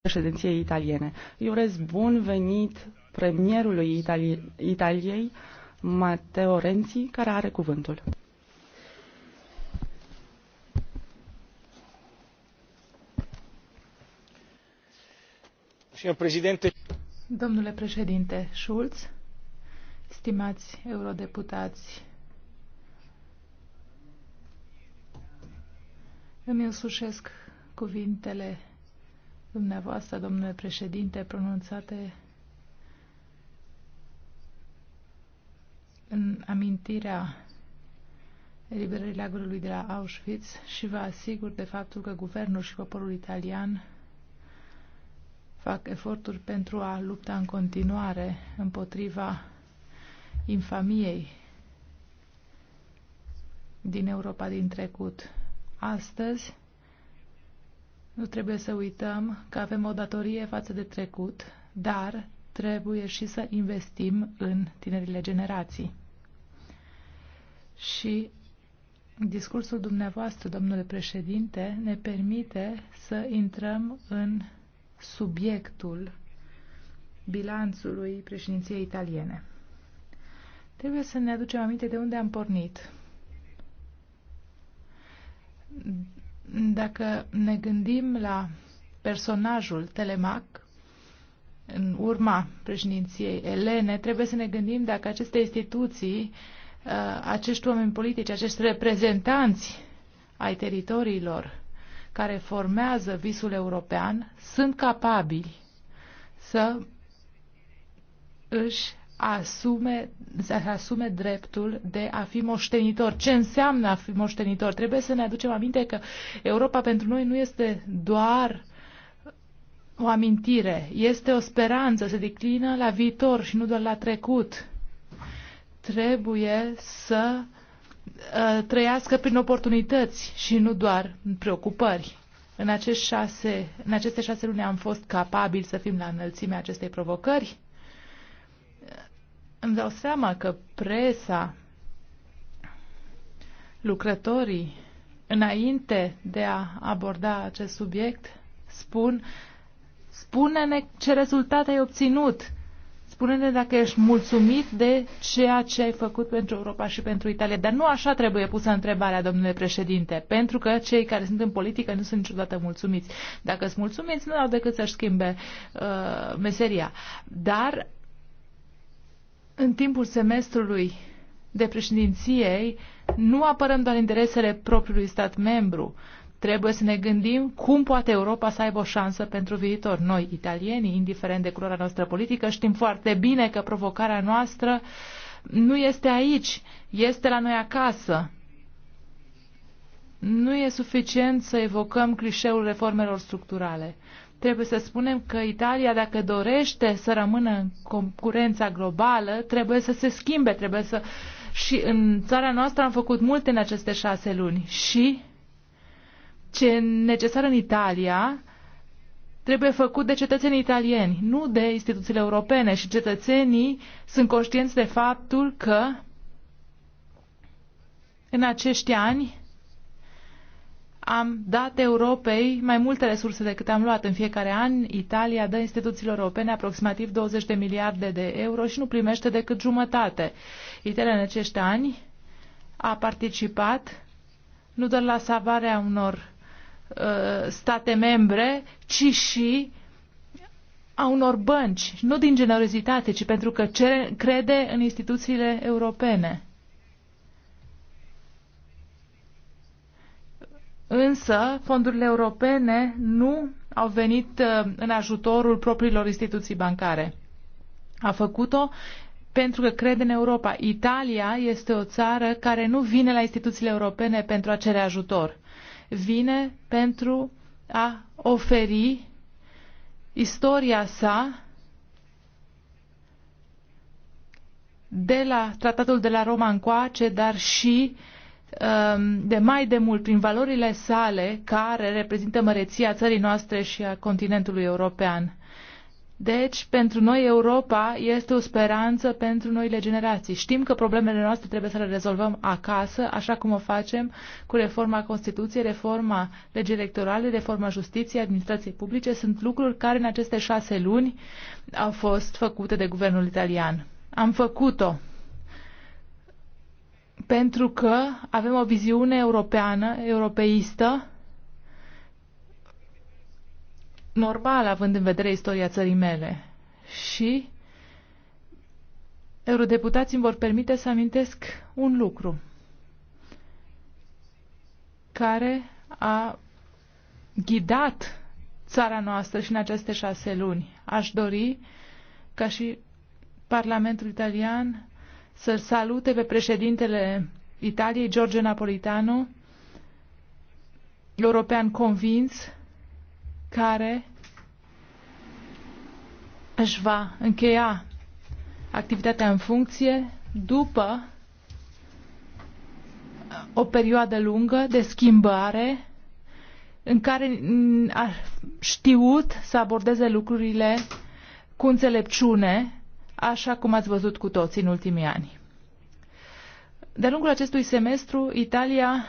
președinției italiene. Îi urez bun venit premierului Italie, Italiei, Matteo Renzi, care are cuvântul. Domnule președinte Schulz, stimați eurodeputați, îmi însușesc cuvintele dumneavoastră, domnule președinte, pronunțate în amintirea eliberării lagărului de la Auschwitz și vă asigur de faptul că guvernul și poporul italian fac eforturi pentru a lupta în continuare împotriva infamiei din Europa din trecut. Astăzi nu trebuie să uităm că avem o datorie față de trecut, dar trebuie și să investim în tinerile generații. Și discursul dumneavoastră, domnule președinte, ne permite să intrăm în subiectul bilanțului președinției italiene. Trebuie să ne aducem aminte de unde am pornit. Dacă ne gândim la personajul Telemac, în urma președinției elene, trebuie să ne gândim dacă aceste instituții, uh, acești oameni politici, acești reprezentanți ai teritoriilor care formează visul european, sunt capabili să își asume, să asume dreptul de a fi moștenitor. Ce înseamnă a fi moștenitor? Trebuie să ne aducem aminte că Europa pentru noi nu este doar o amintire, este o speranță, se declină la viitor și nu doar la trecut. Trebuie să uh, trăiască prin oportunități și nu doar preocupări. În, acești șase, în aceste șase luni am fost capabili să fim la înălțimea acestei provocări? îmi dau seama că presa, lucrătorii, înainte de a aborda acest subiect, spun, spune-ne ce rezultat ai obținut, spune-ne dacă ești mulțumit de ceea ce ai făcut pentru Europa și pentru Italia. Dar nu așa trebuie pusă întrebarea, domnule președinte, pentru că cei care sunt în politică nu sunt niciodată mulțumiți. Dacă sunt mulțumiți, nu au decât să-și schimbe uh, meseria. Dar în timpul semestrului de președinției, nu apărăm doar interesele propriului stat membru. Trebuie să ne gândim cum poate Europa să aibă o șansă pentru viitor. Noi, italienii, indiferent de culoarea noastră politică, știm foarte bine că provocarea noastră nu este aici, este la noi acasă. Nu e suficient să evocăm clișeul reformelor structurale. Trebuie să spunem că Italia, dacă dorește să rămână în concurența globală, trebuie să se schimbe, trebuie să... Și în țara noastră am făcut multe în aceste șase luni. Și ce e necesar în Italia trebuie făcut de cetățenii italieni, nu de instituțiile europene. Și cetățenii sunt conștienți de faptul că în acești ani am dat Europei mai multe resurse decât am luat în fiecare an. Italia dă instituțiilor europene aproximativ 20 de miliarde de euro și nu primește decât jumătate. Italia în acești ani a participat nu doar la salvarea unor uh, state membre, ci și a unor bănci, nu din generozitate, ci pentru că cere, crede în instituțiile europene. Însă, fondurile europene nu au venit uh, în ajutorul propriilor instituții bancare. A făcut-o pentru că crede în Europa. Italia este o țară care nu vine la instituțiile europene pentru a cere ajutor. Vine pentru a oferi istoria sa de la tratatul de la Roma încoace, dar și uh, Um, de mai de mult prin valorile sale care reprezintă măreția țării noastre și a continentului european. Deci, pentru noi Europa este o speranță pentru noile generații. Știm că problemele noastre trebuie să le rezolvăm acasă, așa cum o facem cu reforma Constituției, reforma legii electorale, reforma justiției, administrației publice. Sunt lucruri care în aceste șase luni au fost făcute de guvernul italian. Am făcut-o pentru că avem o viziune europeană, europeistă, normal având în vedere istoria țării mele. Și eurodeputații îmi vor permite să amintesc un lucru care a ghidat țara noastră și în aceste șase luni. Aș dori ca și Parlamentul italian să-l salute pe președintele Italiei, George Napolitano, european convins, care își va încheia activitatea în funcție după o perioadă lungă de schimbare în care a știut să abordeze lucrurile cu înțelepciune așa cum ați văzut cu toți în ultimii ani. De-a lungul acestui semestru, Italia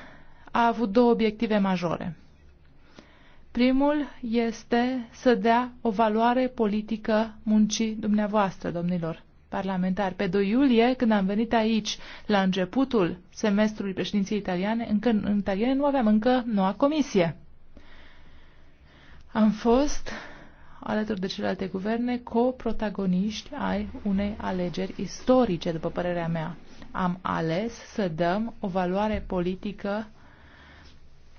a avut două obiective majore. Primul este să dea o valoare politică muncii dumneavoastră, domnilor parlamentari. Pe 2 iulie, când am venit aici, la începutul semestrului președinției italiane, încă în italiene nu aveam încă noua comisie. Am fost alături de celelalte guverne, coprotagoniști ai unei alegeri istorice, după părerea mea. Am ales să dăm o valoare politică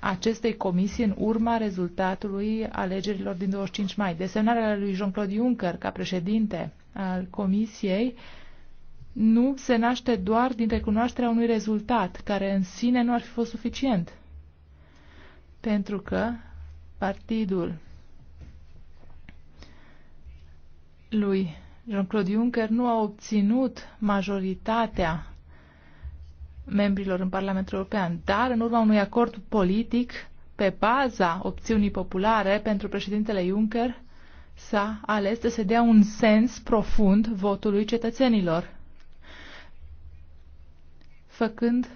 acestei comisii în urma rezultatului alegerilor din 25 mai. Desemnarea lui Jean-Claude Juncker ca președinte al comisiei nu se naște doar din recunoașterea unui rezultat, care în sine nu ar fi fost suficient. Pentru că partidul lui Jean-Claude Juncker nu a obținut majoritatea membrilor în Parlamentul European, dar în urma unui acord politic pe baza opțiunii populare pentru președintele Juncker s-a ales să se dea un sens profund votului cetățenilor, făcând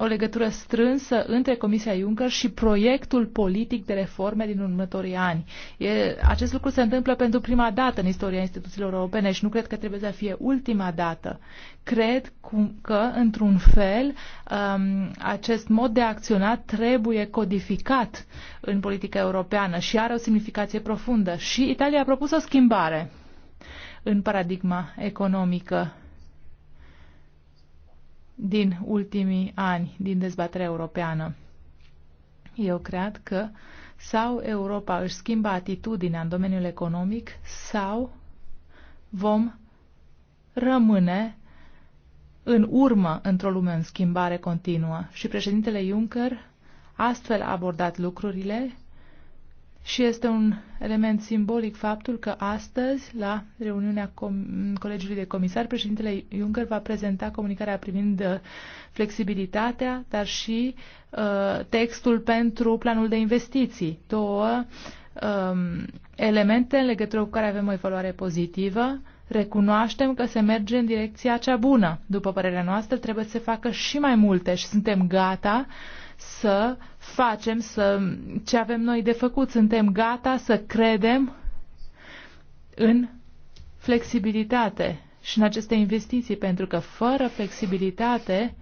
o legătură strânsă între Comisia Juncker și proiectul politic de reforme din următorii ani. E, acest lucru se întâmplă pentru prima dată în istoria instituțiilor europene și nu cred că trebuie să fie ultima dată. Cred cum, că, într-un fel, um, acest mod de acționat trebuie codificat în politica europeană și are o semnificație profundă. Și Italia a propus o schimbare în paradigma economică din ultimii ani din dezbaterea europeană. Eu cred că sau Europa își schimbă atitudinea în domeniul economic sau vom rămâne în urmă într-o lume în schimbare continuă. Și președintele Juncker astfel a abordat lucrurile și este un element simbolic faptul că astăzi, la reuniunea Colegiului de Comisar, președintele Juncker va prezenta comunicarea privind uh, flexibilitatea, dar și uh, textul pentru planul de investiții. Două um, elemente în legătură cu care avem o evaluare pozitivă. Recunoaștem că se merge în direcția cea bună. După părerea noastră, trebuie să se facă și mai multe și suntem gata să facem, să, ce avem noi de făcut. Suntem gata să credem în flexibilitate și în aceste investiții, pentru că fără flexibilitate,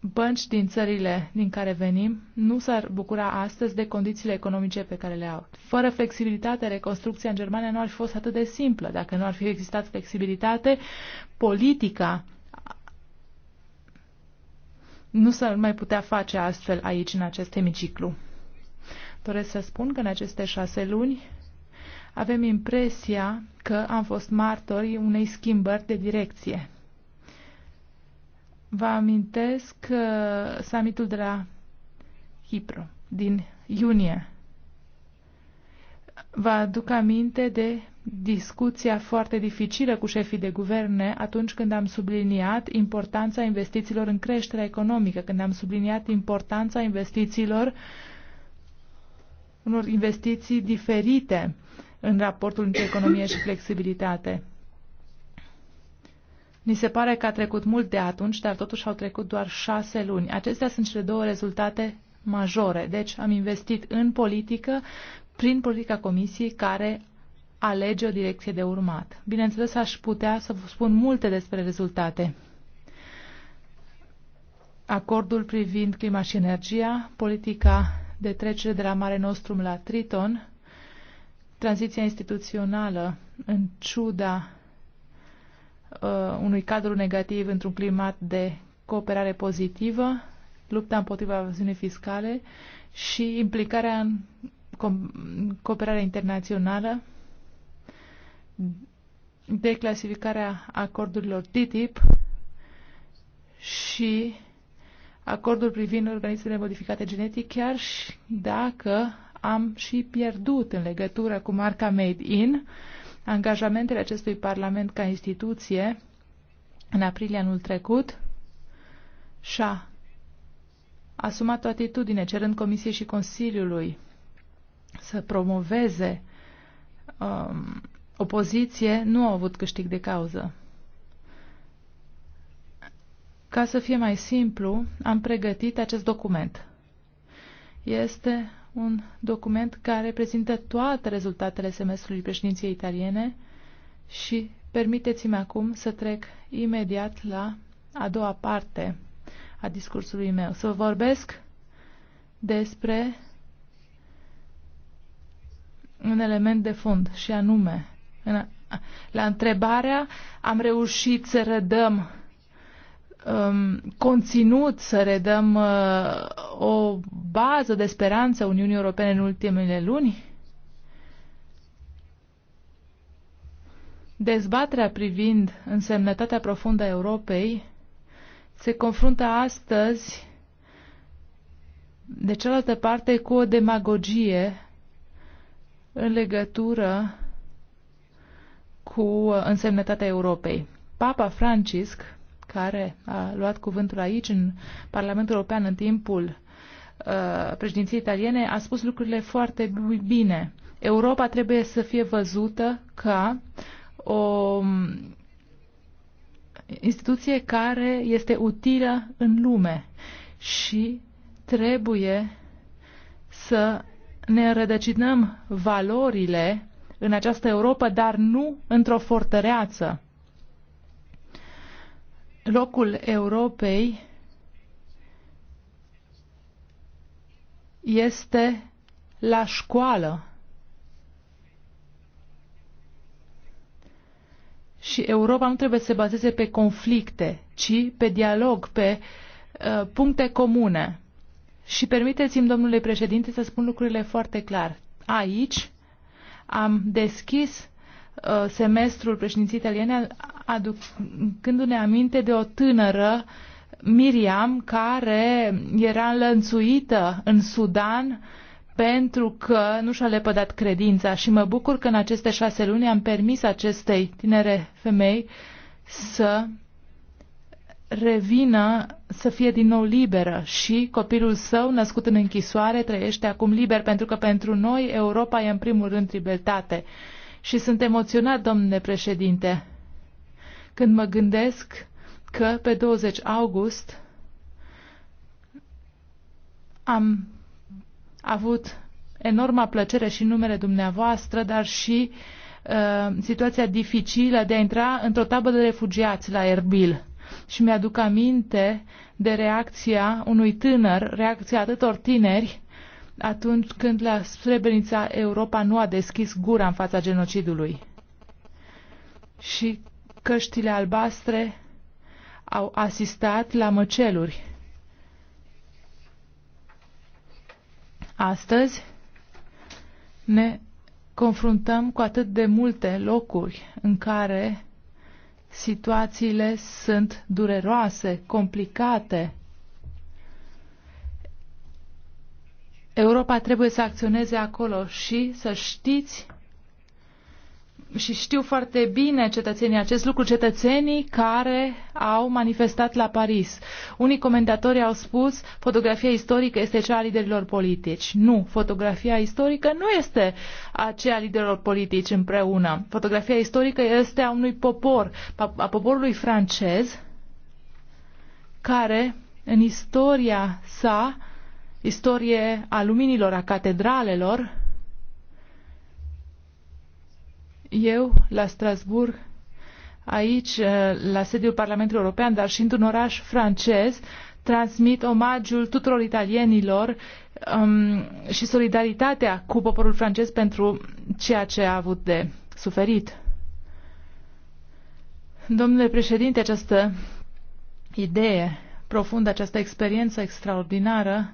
bănci din țările din care venim nu s-ar bucura astăzi de condițiile economice pe care le au. Fără flexibilitate, reconstrucția în Germania nu ar fi fost atât de simplă. Dacă nu ar fi existat flexibilitate, politica nu s-ar mai putea face astfel aici, în acest hemiciclu. Doresc să spun că în aceste șase luni avem impresia că am fost martori unei schimbări de direcție. Vă amintesc uh, summitul de la Hipro din iunie. Vă aduc aminte de discuția foarte dificilă cu șefii de guverne atunci când am subliniat importanța investițiilor în creșterea economică, când am subliniat importanța investițiilor unor investiții diferite în raportul între economie și flexibilitate. Ni se pare că a trecut mult de atunci, dar totuși au trecut doar șase luni. Acestea sunt cele două rezultate majore. Deci am investit în politică prin politica Comisiei care alege o direcție de urmat. Bineînțeles, aș putea să vă spun multe despre rezultate. Acordul privind clima și energia, politica de trecere de la Mare Nostrum la Triton, tranziția instituțională în ciuda uh, unui cadru negativ într-un climat de cooperare pozitivă, lupta împotriva evaziunii fiscale și implicarea în cooperarea internațională de clasificarea acordurilor TTIP și acordul privind organismele modificate genetic, chiar și dacă am și pierdut în legătură cu marca Made In, angajamentele acestui Parlament ca instituție în aprilie anul trecut și-a asumat o atitudine cerând Comisiei și Consiliului să promoveze um, opoziție nu au avut câștig de cauză. Ca să fie mai simplu, am pregătit acest document. Este un document care prezintă toate rezultatele semestrului președinției italiene și permiteți-mi acum să trec imediat la a doua parte a discursului meu. Să vorbesc despre un element de fond și anume la întrebarea am reușit să redăm um, conținut, să redăm uh, o bază de speranță Uniunii Europene în ultimele luni? Dezbaterea privind însemnătatea profundă a Europei se confruntă astăzi, de cealaltă parte, cu o demagogie în legătură cu însemnătatea Europei. Papa Francisc, care a luat cuvântul aici în Parlamentul European în timpul uh, președinției italiene, a spus lucrurile foarte bine. Europa trebuie să fie văzută ca o um, instituție care este utilă în lume și trebuie să ne rădăcinăm valorile în această Europa, dar nu într-o fortăreață. Locul Europei este la școală. Și Europa nu trebuie să se bazeze pe conflicte, ci pe dialog, pe uh, puncte comune. Și permiteți-mi, domnule președinte, să spun lucrurile foarte clar. Aici, am deschis uh, semestrul președinției italiene aducându-ne aminte de o tânără Miriam care era înlănțuită în Sudan pentru că nu și-a lepădat credința și mă bucur că în aceste șase luni am permis acestei tinere femei să revină să fie din nou liberă și copilul său, născut în închisoare, trăiește acum liber, pentru că pentru noi Europa e în primul rând libertate. Și sunt emoționat, domnule președinte, când mă gândesc că pe 20 august am avut enorma plăcere și numele dumneavoastră, dar și uh, situația dificilă de a intra într-o tabără de refugiați la Erbil și mi-aduc aminte de reacția unui tânăr, reacția atâtor tineri, atunci când la Srebrenica Europa nu a deschis gura în fața genocidului. Și căștile albastre au asistat la măceluri. Astăzi ne confruntăm cu atât de multe locuri în care situațiile sunt dureroase, complicate. Europa trebuie să acționeze acolo și să știți și știu foarte bine cetățenii acest lucru, cetățenii care au manifestat la Paris. Unii comentatori au spus fotografia istorică este cea a liderilor politici. Nu, fotografia istorică nu este aceea a liderilor politici împreună. Fotografia istorică este a unui popor, a poporului francez, care în istoria sa, istorie a luminilor, a catedralelor, eu, la Strasburg, aici, eh, la sediul Parlamentului European, dar și într-un oraș francez, transmit omagiul tuturor italienilor um, și solidaritatea cu poporul francez pentru ceea ce a avut de suferit. Domnule președinte, această idee profundă, această experiență extraordinară,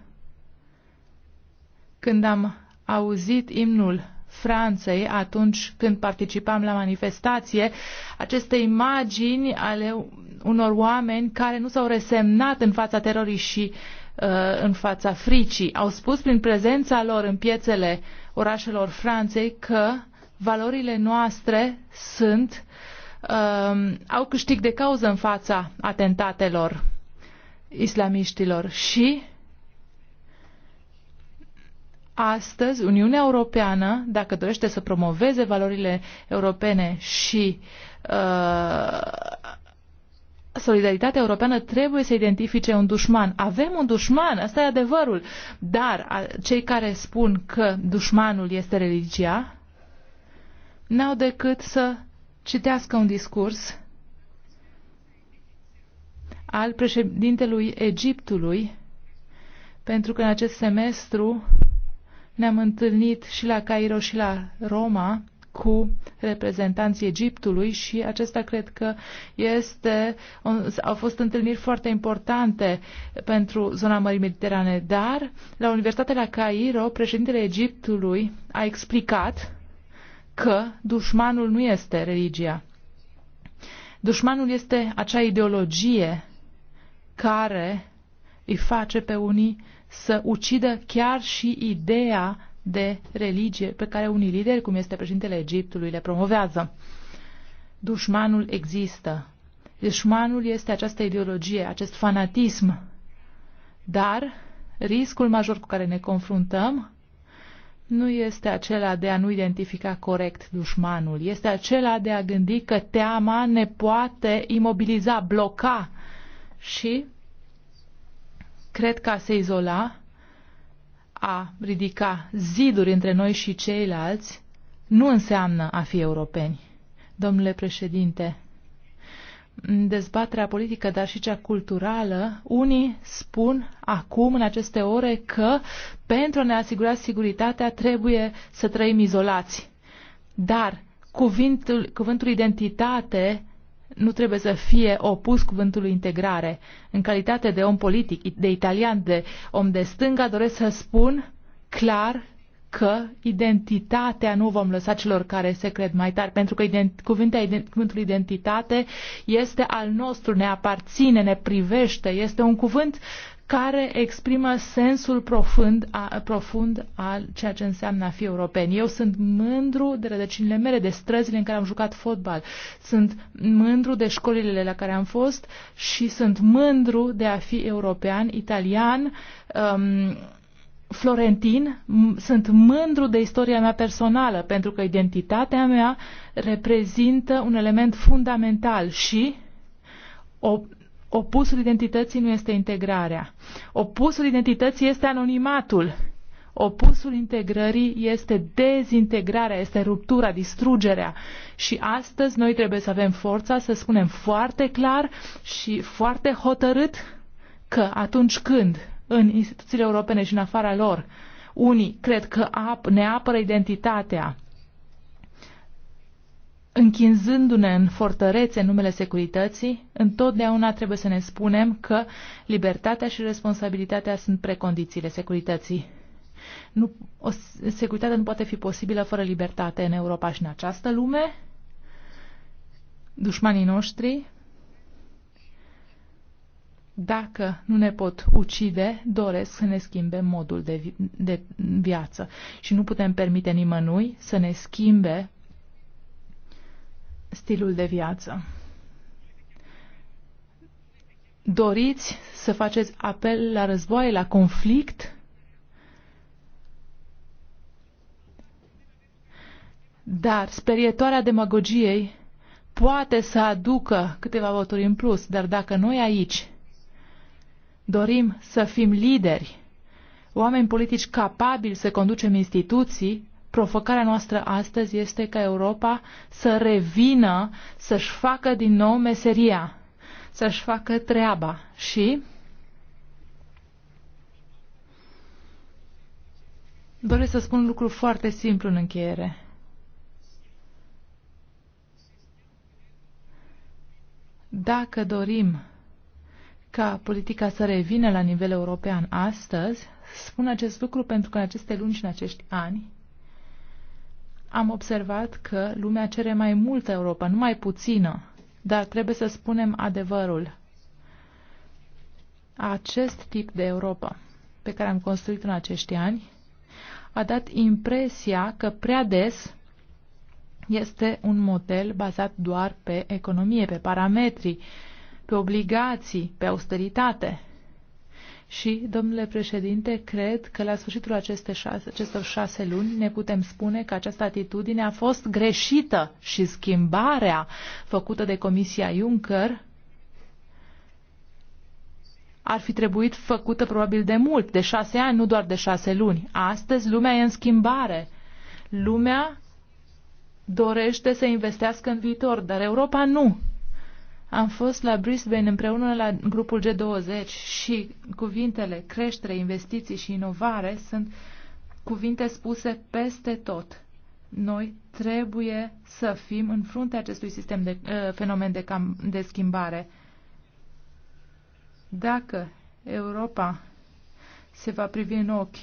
când am auzit imnul Franței atunci când participam la manifestație, aceste imagini ale unor oameni care nu s-au resemnat în fața terorii și uh, în fața fricii. Au spus prin prezența lor în piețele orașelor Franței că valorile noastre sunt uh, au câștig de cauză în fața atentatelor islamiștilor și Astăzi, Uniunea Europeană, dacă dorește să promoveze valorile europene și uh, solidaritatea europeană, trebuie să identifice un dușman. Avem un dușman, asta e adevărul. Dar a, cei care spun că dușmanul este religia, n-au decât să citească un discurs al președintelui Egiptului, pentru că în acest semestru ne-am întâlnit și la Cairo și la Roma cu reprezentanții Egiptului și acesta cred că este, au fost întâlniri foarte importante pentru zona Mării Mediterane, dar la Universitatea la Cairo președintele Egiptului a explicat că dușmanul nu este religia. Dușmanul este acea ideologie care îi face pe unii să ucidă chiar și ideea de religie pe care unii lideri, cum este președintele Egiptului, le promovează. Dușmanul există. Dușmanul este această ideologie, acest fanatism. Dar riscul major cu care ne confruntăm nu este acela de a nu identifica corect dușmanul, este acela de a gândi că teama ne poate imobiliza, bloca și Cred că a se izola, a ridica ziduri între noi și ceilalți, nu înseamnă a fi europeni. Domnule președinte, în dezbaterea politică, dar și cea culturală, unii spun acum, în aceste ore, că pentru a ne asigura siguritatea trebuie să trăim izolați. Dar cuvântul, cuvântul identitate nu trebuie să fie opus cuvântului integrare. În calitate de om politic, de italian, de om de stânga, doresc să spun clar că identitatea nu vom lăsa celor care se cred mai tari, pentru că ident- ident- cuvântul identitate este al nostru, ne aparține, ne privește, este un cuvânt care exprimă sensul profund, a, profund al ceea ce înseamnă a fi european. Eu sunt mândru de rădăcinile mele, de străzile în care am jucat fotbal. Sunt mândru de școlile la care am fost și sunt mândru de a fi european, italian, um, florentin, sunt mândru de istoria mea personală, pentru că identitatea mea reprezintă un element fundamental și o Opusul identității nu este integrarea. Opusul identității este anonimatul. Opusul integrării este dezintegrarea, este ruptura, distrugerea. Și astăzi noi trebuie să avem forța să spunem foarte clar și foarte hotărât că atunci când în instituțiile europene și în afara lor unii cred că ap- ne apără identitatea închinzându-ne în fortărețe în numele securității, întotdeauna trebuie să ne spunem că libertatea și responsabilitatea sunt precondițiile securității. Nu, o, securitatea nu poate fi posibilă fără libertate în Europa și în această lume. Dușmanii noștri, dacă nu ne pot ucide, doresc să ne schimbe modul de, vi- de viață și nu putem permite nimănui să ne schimbe stilul de viață. Doriți să faceți apel la războaie, la conflict? Dar sperietoarea demagogiei poate să aducă câteva voturi în plus, dar dacă noi aici dorim să fim lideri, oameni politici capabili să conducem instituții, Provocarea noastră astăzi este ca Europa să revină, să-și facă din nou meseria, să-și facă treaba și Doresc să spun un lucru foarte simplu în încheiere. Dacă dorim ca politica să revină la nivel european astăzi, spun acest lucru pentru că în aceste luni și în acești ani am observat că lumea cere mai multă Europa, nu mai puțină. Dar trebuie să spunem adevărul. Acest tip de Europa pe care am construit în acești ani a dat impresia că prea des este un model bazat doar pe economie, pe parametri, pe obligații, pe austeritate. Și, domnule președinte, cred că la sfârșitul aceste șase, acestor șase luni ne putem spune că această atitudine a fost greșită și schimbarea făcută de Comisia Juncker ar fi trebuit făcută probabil de mult, de șase ani, nu doar de șase luni. Astăzi lumea e în schimbare. Lumea dorește să investească în viitor, dar Europa nu. Am fost la Brisbane împreună la grupul G20 și cuvintele creștere, investiții și inovare sunt cuvinte spuse peste tot. Noi trebuie să fim în fruntea acestui sistem de uh, fenomen de, cam, de schimbare. Dacă Europa se va privi în ochi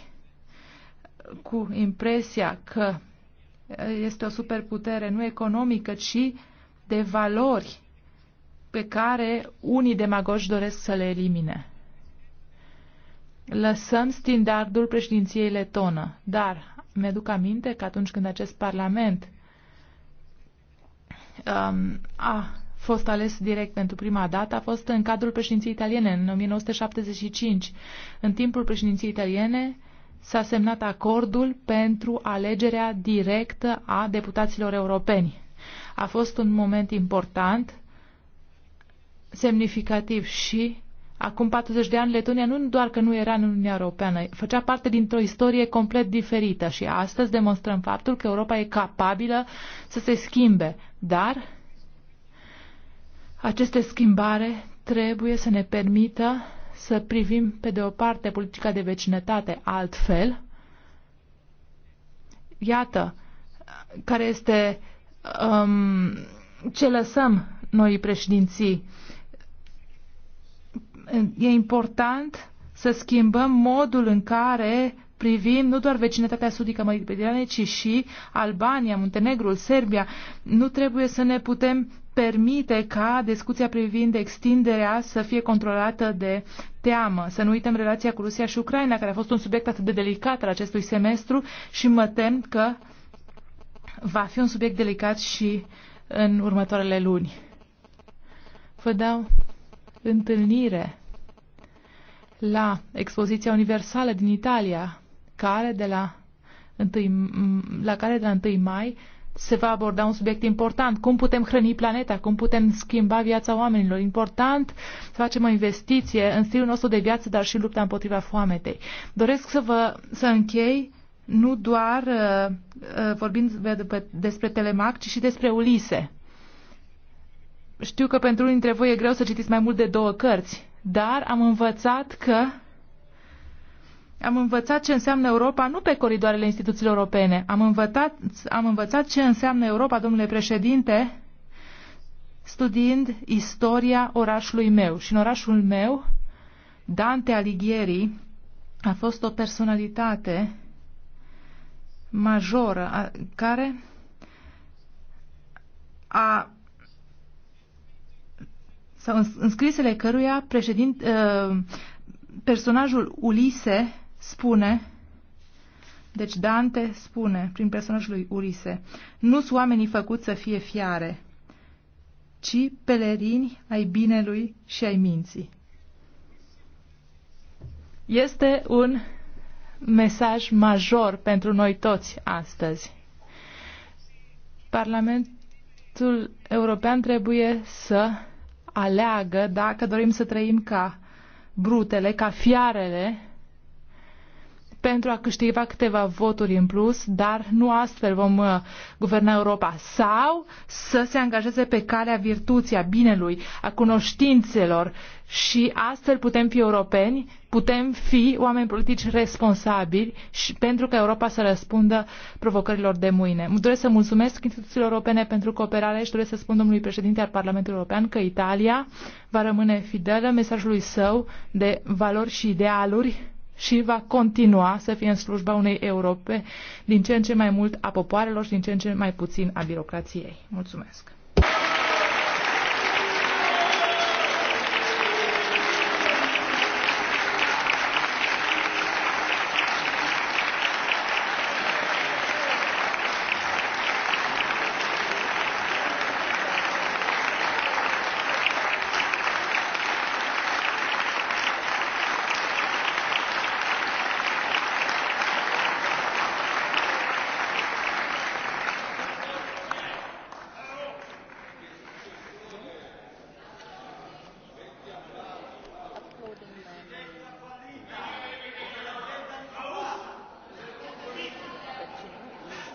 cu impresia că uh, este o superputere nu economică, ci de valori pe care unii demagogi doresc să le elimine. Lăsăm standardul președinției letonă, dar mi-aduc aminte că atunci când acest parlament um, a fost ales direct pentru prima dată a fost în cadrul președinției italiene, în 1975. În timpul președinției italiene s-a semnat acordul pentru alegerea directă a deputaților europeni. A fost un moment important semnificativ și acum 40 de ani Letonia nu doar că nu era în Uniunea Europeană, făcea parte dintr-o istorie complet diferită și astăzi demonstrăm faptul că Europa e capabilă să se schimbe, dar aceste schimbare trebuie să ne permită să privim pe de o parte politica de vecinătate altfel. Iată care este um, ce lăsăm noi președinții e important să schimbăm modul în care privim nu doar vecinătatea sudică Mării ci și Albania, Muntenegrul, Serbia. Nu trebuie să ne putem permite ca discuția privind extinderea să fie controlată de teamă. Să nu uităm relația cu Rusia și Ucraina, care a fost un subiect atât de delicat al acestui semestru și mă tem că va fi un subiect delicat și în următoarele luni. Vă dau întâlnire la expoziția universală din Italia, care de la, 1, la care de la 1 mai se va aborda un subiect important. Cum putem hrăni planeta? Cum putem schimba viața oamenilor? Important să facem o investiție în stilul nostru de viață, dar și lupta împotriva foametei. Doresc să vă să închei nu doar uh, uh vorbind despre telemac, ci și despre Ulise. Știu că pentru unii dintre voi e greu să citiți mai mult de două cărți, dar am învățat că am învățat ce înseamnă Europa nu pe coridoarele instituțiilor europene. Am învățat, am învățat ce înseamnă Europa, domnule președinte, studiind istoria orașului meu. Și în orașul meu, Dante Alighieri a fost o personalitate majoră a, care a sau în scrisele căruia uh, personajul Ulise spune, deci Dante spune prin personajul lui Ulise, nu sunt oamenii făcuți să fie fiare, ci pelerini ai binelui și ai minții. Este un mesaj major pentru noi toți astăzi. Parlamentul European trebuie să aleagă dacă dorim să trăim ca brutele, ca fiarele pentru a câștiga câteva voturi în plus, dar nu astfel vom uh, guverna Europa. Sau să se angajeze pe calea virtuții, a binelui, a cunoștințelor și astfel putem fi europeni, putem fi oameni politici responsabili și pentru că Europa să răspundă provocărilor de mâine. Doresc să mulțumesc instituțiilor europene pentru cooperare și doresc să spun domnului președinte al Parlamentului European că Italia va rămâne fidelă mesajului său de valori și idealuri și va continua să fie în slujba unei Europe din ce în ce mai mult a popoarelor și din ce în ce mai puțin a birocrației. Mulțumesc!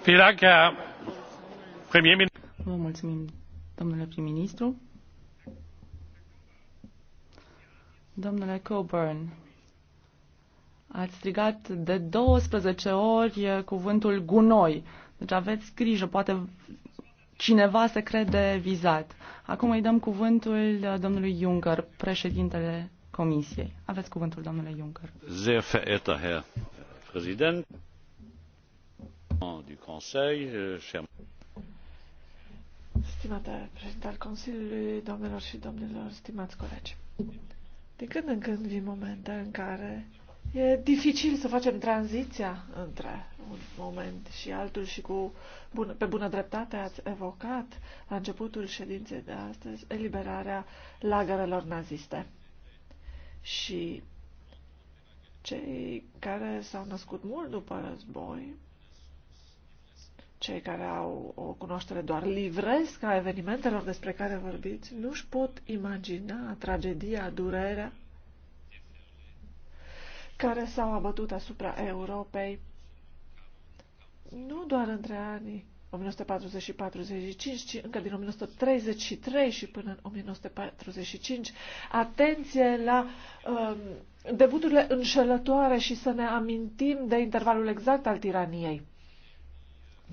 Vă mulțumim, domnule prim-ministru. Domnule Coburn, ați strigat de 12 ori cuvântul gunoi. Deci aveți grijă, poate cineva se crede vizat. Acum îi dăm cuvântul domnului Juncker, președintele Comisiei. Aveți cuvântul, domnule Juncker. Sehr verehrter Herr Präsident. Du Conseil, cher... președinte al Consiliului, domnilor și domnilor, stimați colegi, din când în când vin momente în care e dificil să facem tranziția între un moment și altul și cu bun, pe bună dreptate ați evocat la începutul ședinței de astăzi eliberarea lagărelor naziste. Și cei care s-au născut mult după război cei care au o cunoaștere doar livrescă a evenimentelor despre care vorbiți nu și pot imagina tragedia, durerea care s-au abătut asupra Europei nu doar între anii 1940 1945 45, ci încă din 1933 și până în 1945, atenție la um, debuturile înșelătoare și să ne amintim de intervalul exact al tiraniei.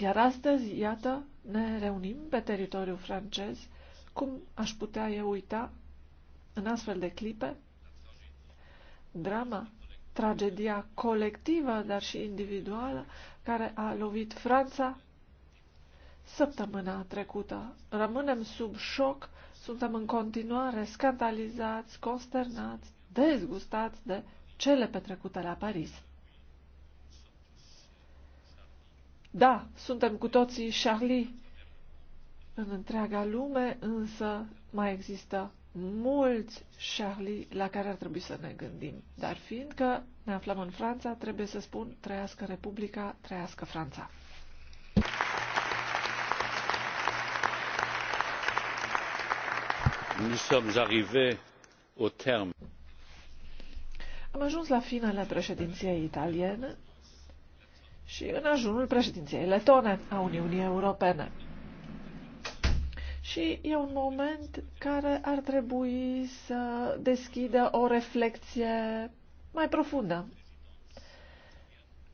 Iar astăzi, iată, ne reunim pe teritoriul francez. Cum aș putea eu uita în astfel de clipe? Drama, tragedia colectivă, dar și individuală, care a lovit Franța săptămâna trecută. Rămânem sub șoc, suntem în continuare scandalizați, consternați, dezgustați de cele petrecute la Paris. Da, suntem cu toții Charlie în întreaga lume, însă mai există mulți Charlie la care ar trebui să ne gândim. Dar fiindcă ne aflăm în Franța, trebuie să spun trăiască Republica, trăiască Franța. Nous sommes arrivés au terme. Am ajuns la finele președinției italiene și în ajunul președinției letone a Uniunii Europene. Și e un moment care ar trebui să deschidă o reflexie mai profundă.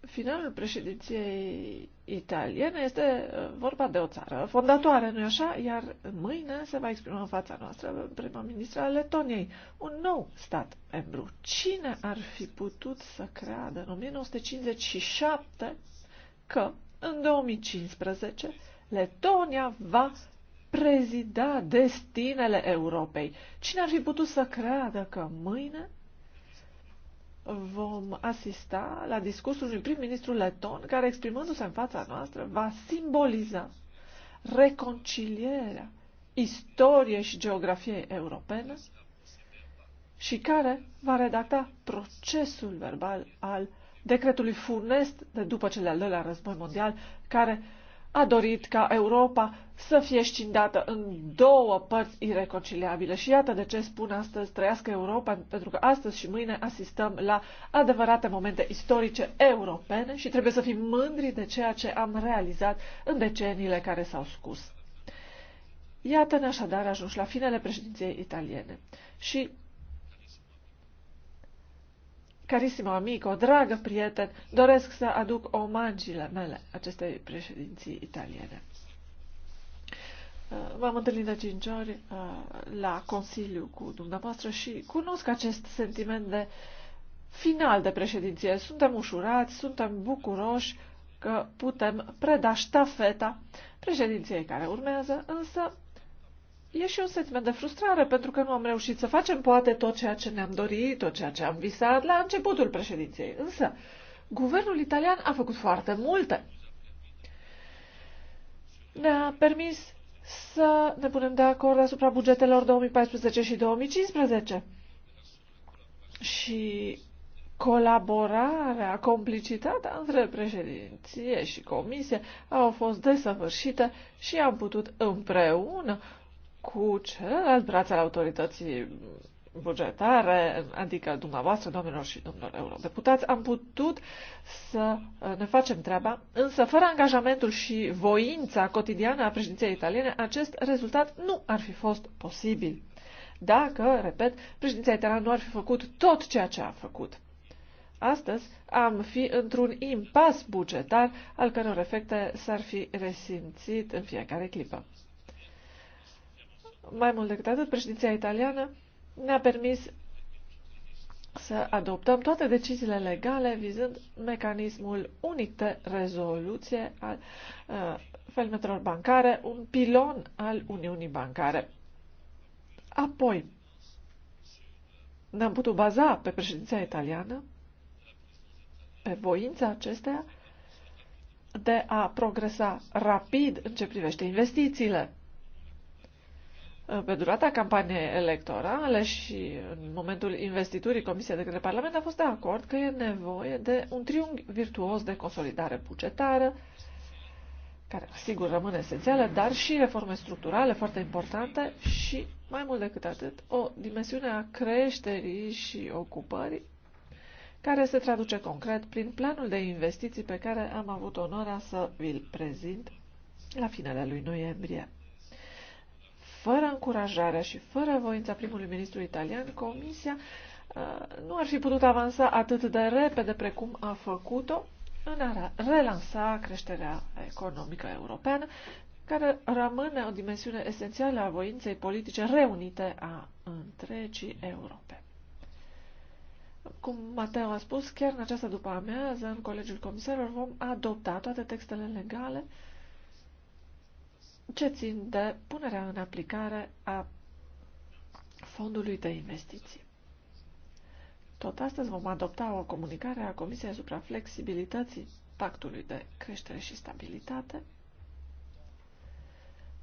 Finalul președinției italiană, este uh, vorba de o țară fondatoare, nu-i așa? Iar mâine se va exprima în fața noastră prima ministra a Letoniei, un nou stat membru. Cine ar fi putut să creadă în 1957 că în 2015 Letonia va prezida destinele Europei? Cine ar fi putut să creadă că mâine vom asista la discursul unui prim-ministru leton care, exprimându-se în fața noastră, va simboliza reconcilierea istoriei și geografiei europene și care va redacta procesul verbal al decretului funest de după cele al doilea război mondial, care a dorit ca Europa să fie scindată în două părți irreconciliabile. Și iată de ce spun astăzi trăiască Europa, pentru că astăzi și mâine asistăm la adevărate momente istorice europene și trebuie să fim mândri de ceea ce am realizat în deceniile care s-au scurs. Iată-ne așadar ajunși la finele președinției italiene. Și Carissimo amico, dragă prieten, doresc să aduc omagiile mele acestei președinții italiene. Uh, m-am întâlnit de cinci ori uh, la Consiliu cu dumneavoastră și cunosc acest sentiment de final de președinție. Suntem ușurați, suntem bucuroși că putem preda ștafeta președinției care urmează, însă E și un sentiment de frustrare pentru că nu am reușit să facem poate tot ceea ce ne-am dorit, tot ceea ce am visat la începutul președinției. Însă, guvernul italian a făcut foarte multe. Ne-a permis să ne punem de acord asupra bugetelor 2014 și 2015. Și colaborarea, complicitatea între președinție și comisie au fost desăvârșite și am putut împreună cu celălalt braț al autorității bugetare, adică dumneavoastră, domnilor și domnilor eurodeputați, am putut să uh, ne facem treaba, însă fără angajamentul și voința cotidiană a președinției italiene, acest rezultat nu ar fi fost posibil. Dacă, repet, președinția italiană nu ar fi făcut tot ceea ce a făcut. Astăzi am fi într-un impas bugetar al căror efecte s-ar fi resimțit în fiecare clipă. Mai mult decât atât, președinția italiană ne-a permis să adoptăm toate deciziile legale vizând mecanismul unic de rezoluție al uh, felmetelor bancare, un pilon al Uniunii Bancare. Apoi, ne-am putut baza pe președinția italiană, pe voința acestea de a progresa rapid în ce privește investițiile. Uh, pe durata campaniei electorale și în momentul investiturii Comisiei de către Parlament a fost de acord că e nevoie de un triunghi virtuos de consolidare bugetară, care sigur rămâne esențială, dar și reforme structurale foarte importante și, mai mult decât atât, o dimensiune a creșterii și ocupării, care se traduce concret prin planul de investiții pe care am avut onoarea să vi-l prezint la finele lui noiembrie fără încurajarea și fără voința primului ministru italian, Comisia uh, nu ar fi putut avansa atât de repede precum a făcut-o în a relansa creșterea economică europeană, care rămâne o dimensiune esențială a voinței politice reunite a întregii Europe. Cum Mateo a spus, chiar în această după amiază, în Colegiul Comisarilor vom adopta toate textele legale uh, ce țin de punerea în aplicare a fondului de investiții. Tot astăzi vom adopta o comunicare a Comisiei asupra flexibilității Pactului de Creștere și Stabilitate,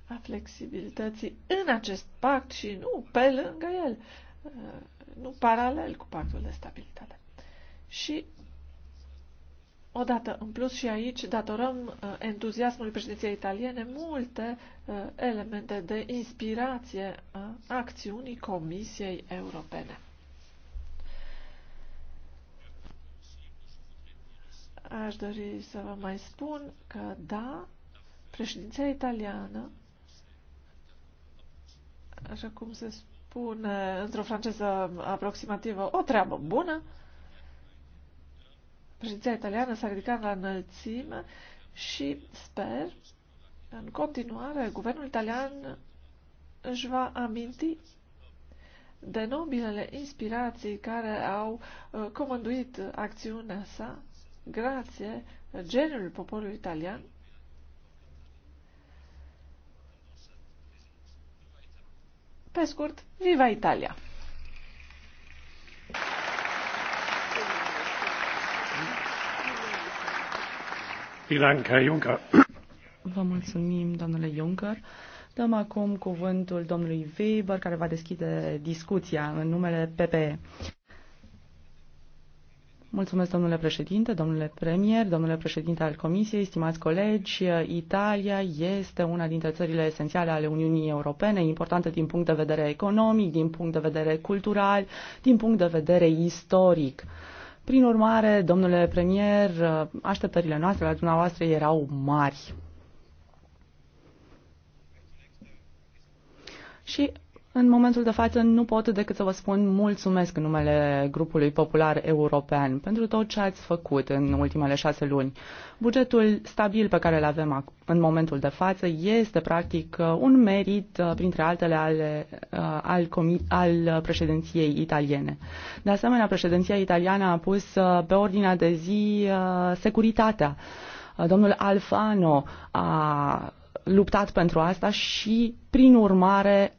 a flexibilității în acest pact și nu pe lângă el, uh, nu paralel cu Pactul de Stabilitate. Și Odată, în plus și aici, datorăm uh, entuziasmului președinției italiene multe uh, elemente de inspirație a acțiunii Comisiei Europene. Aș dori să vă mai spun că, da, președinția italiană, așa cum se spune într-o franceză aproximativă, o treabă bună, uh, Președinția italiană s-a ridicat la înălțime și sper, în continuare, guvernul italian își va aminti de nobilele inspirații care au uh, comanduit acțiunea sa, grație genului poporului italian, Pe scurt, viva Italia! Vă mulțumim, domnule Juncker. Dăm acum cuvântul domnului Weber, care va deschide discuția în numele PPE. Mulțumesc, domnule președinte, domnule premier, domnule președinte al Comisiei, stimați colegi. Italia este una dintre țările esențiale ale Uniunii Europene, importantă din punct de vedere economic, din punct de vedere cultural, din punct de vedere istoric. Prin urmare, domnule premier, așteptările noastre la dumneavoastră erau mari. Și în momentul de față nu pot decât să vă spun mulțumesc în numele grupului popular european pentru tot ce ați făcut în ultimele șase luni. Bugetul stabil pe care îl avem în momentul de față este practic un merit, uh, printre altele, ale, uh, al, al președinției italiene. De asemenea, președinția italiană a pus uh, pe ordinea de zi securitatea. Domnul Alfano a luptat pentru asta și, prin urmare,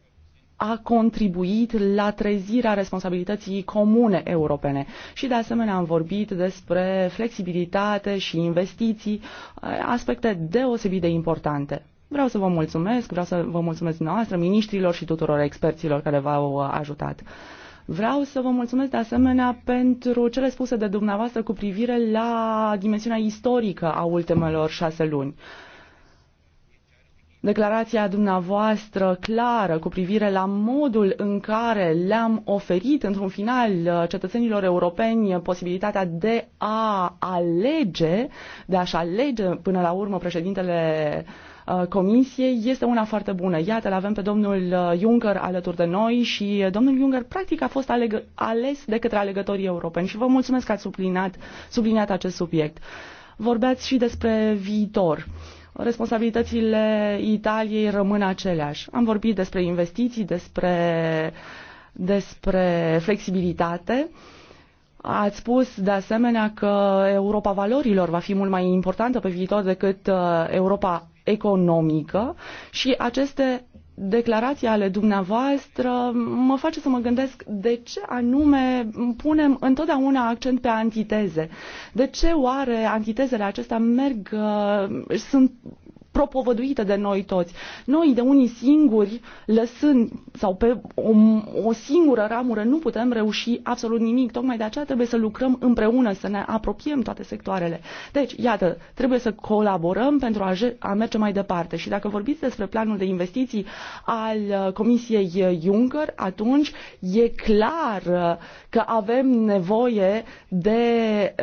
a contribuit la trezirea responsabilității comune europene. Și de asemenea am vorbit despre flexibilitate și investiții, aspecte deosebit de importante. Vreau să vă mulțumesc, vreau să vă mulțumesc noastră, ministrilor și tuturor experților care v-au ajutat. Vreau să vă mulțumesc de asemenea pentru cele spuse de dumneavoastră cu privire la dimensiunea istorică a ultimelor șase luni. Uh, declarația dumneavoastră clară cu privire la modul în care le-am oferit într-un final uh, cetățenilor europeni posibilitatea de a alege, de a-și alege până la urmă președintele uh, Comisiei este una foarte bună. Iată, avem pe domnul uh, Juncker alături de noi și domnul Juncker practic a fost aleg- ales de către alegătorii europeni și vă mulțumesc că ați subliniat, subliniat acest subiect. Vorbeați și despre viitor. Uh, responsabilitățile Italiei rămân aceleași. Am vorbit despre investiții, despre, despre flexibilitate. Ați spus de asemenea că Europa valorilor va fi mult mai importantă pe viitor decât uh, Europa economică și aceste declarația ale dumneavoastră mă face să mă gândesc de ce anume punem întotdeauna accent pe antiteze. De ce oare antitezele acestea merg, uh, sunt propovăduită de noi toți. Noi, de unii singuri, lăsând sau pe o, o singură ramură, nu putem reuși absolut nimic. Tocmai de aceea trebuie să lucrăm împreună, să ne apropiem toate sectoarele. Deci, iată, trebuie să colaborăm pentru a, a merge mai departe. Și dacă vorbiți despre planul de investiții al uh, Comisiei uh, Juncker, atunci e clar uh, că avem nevoie de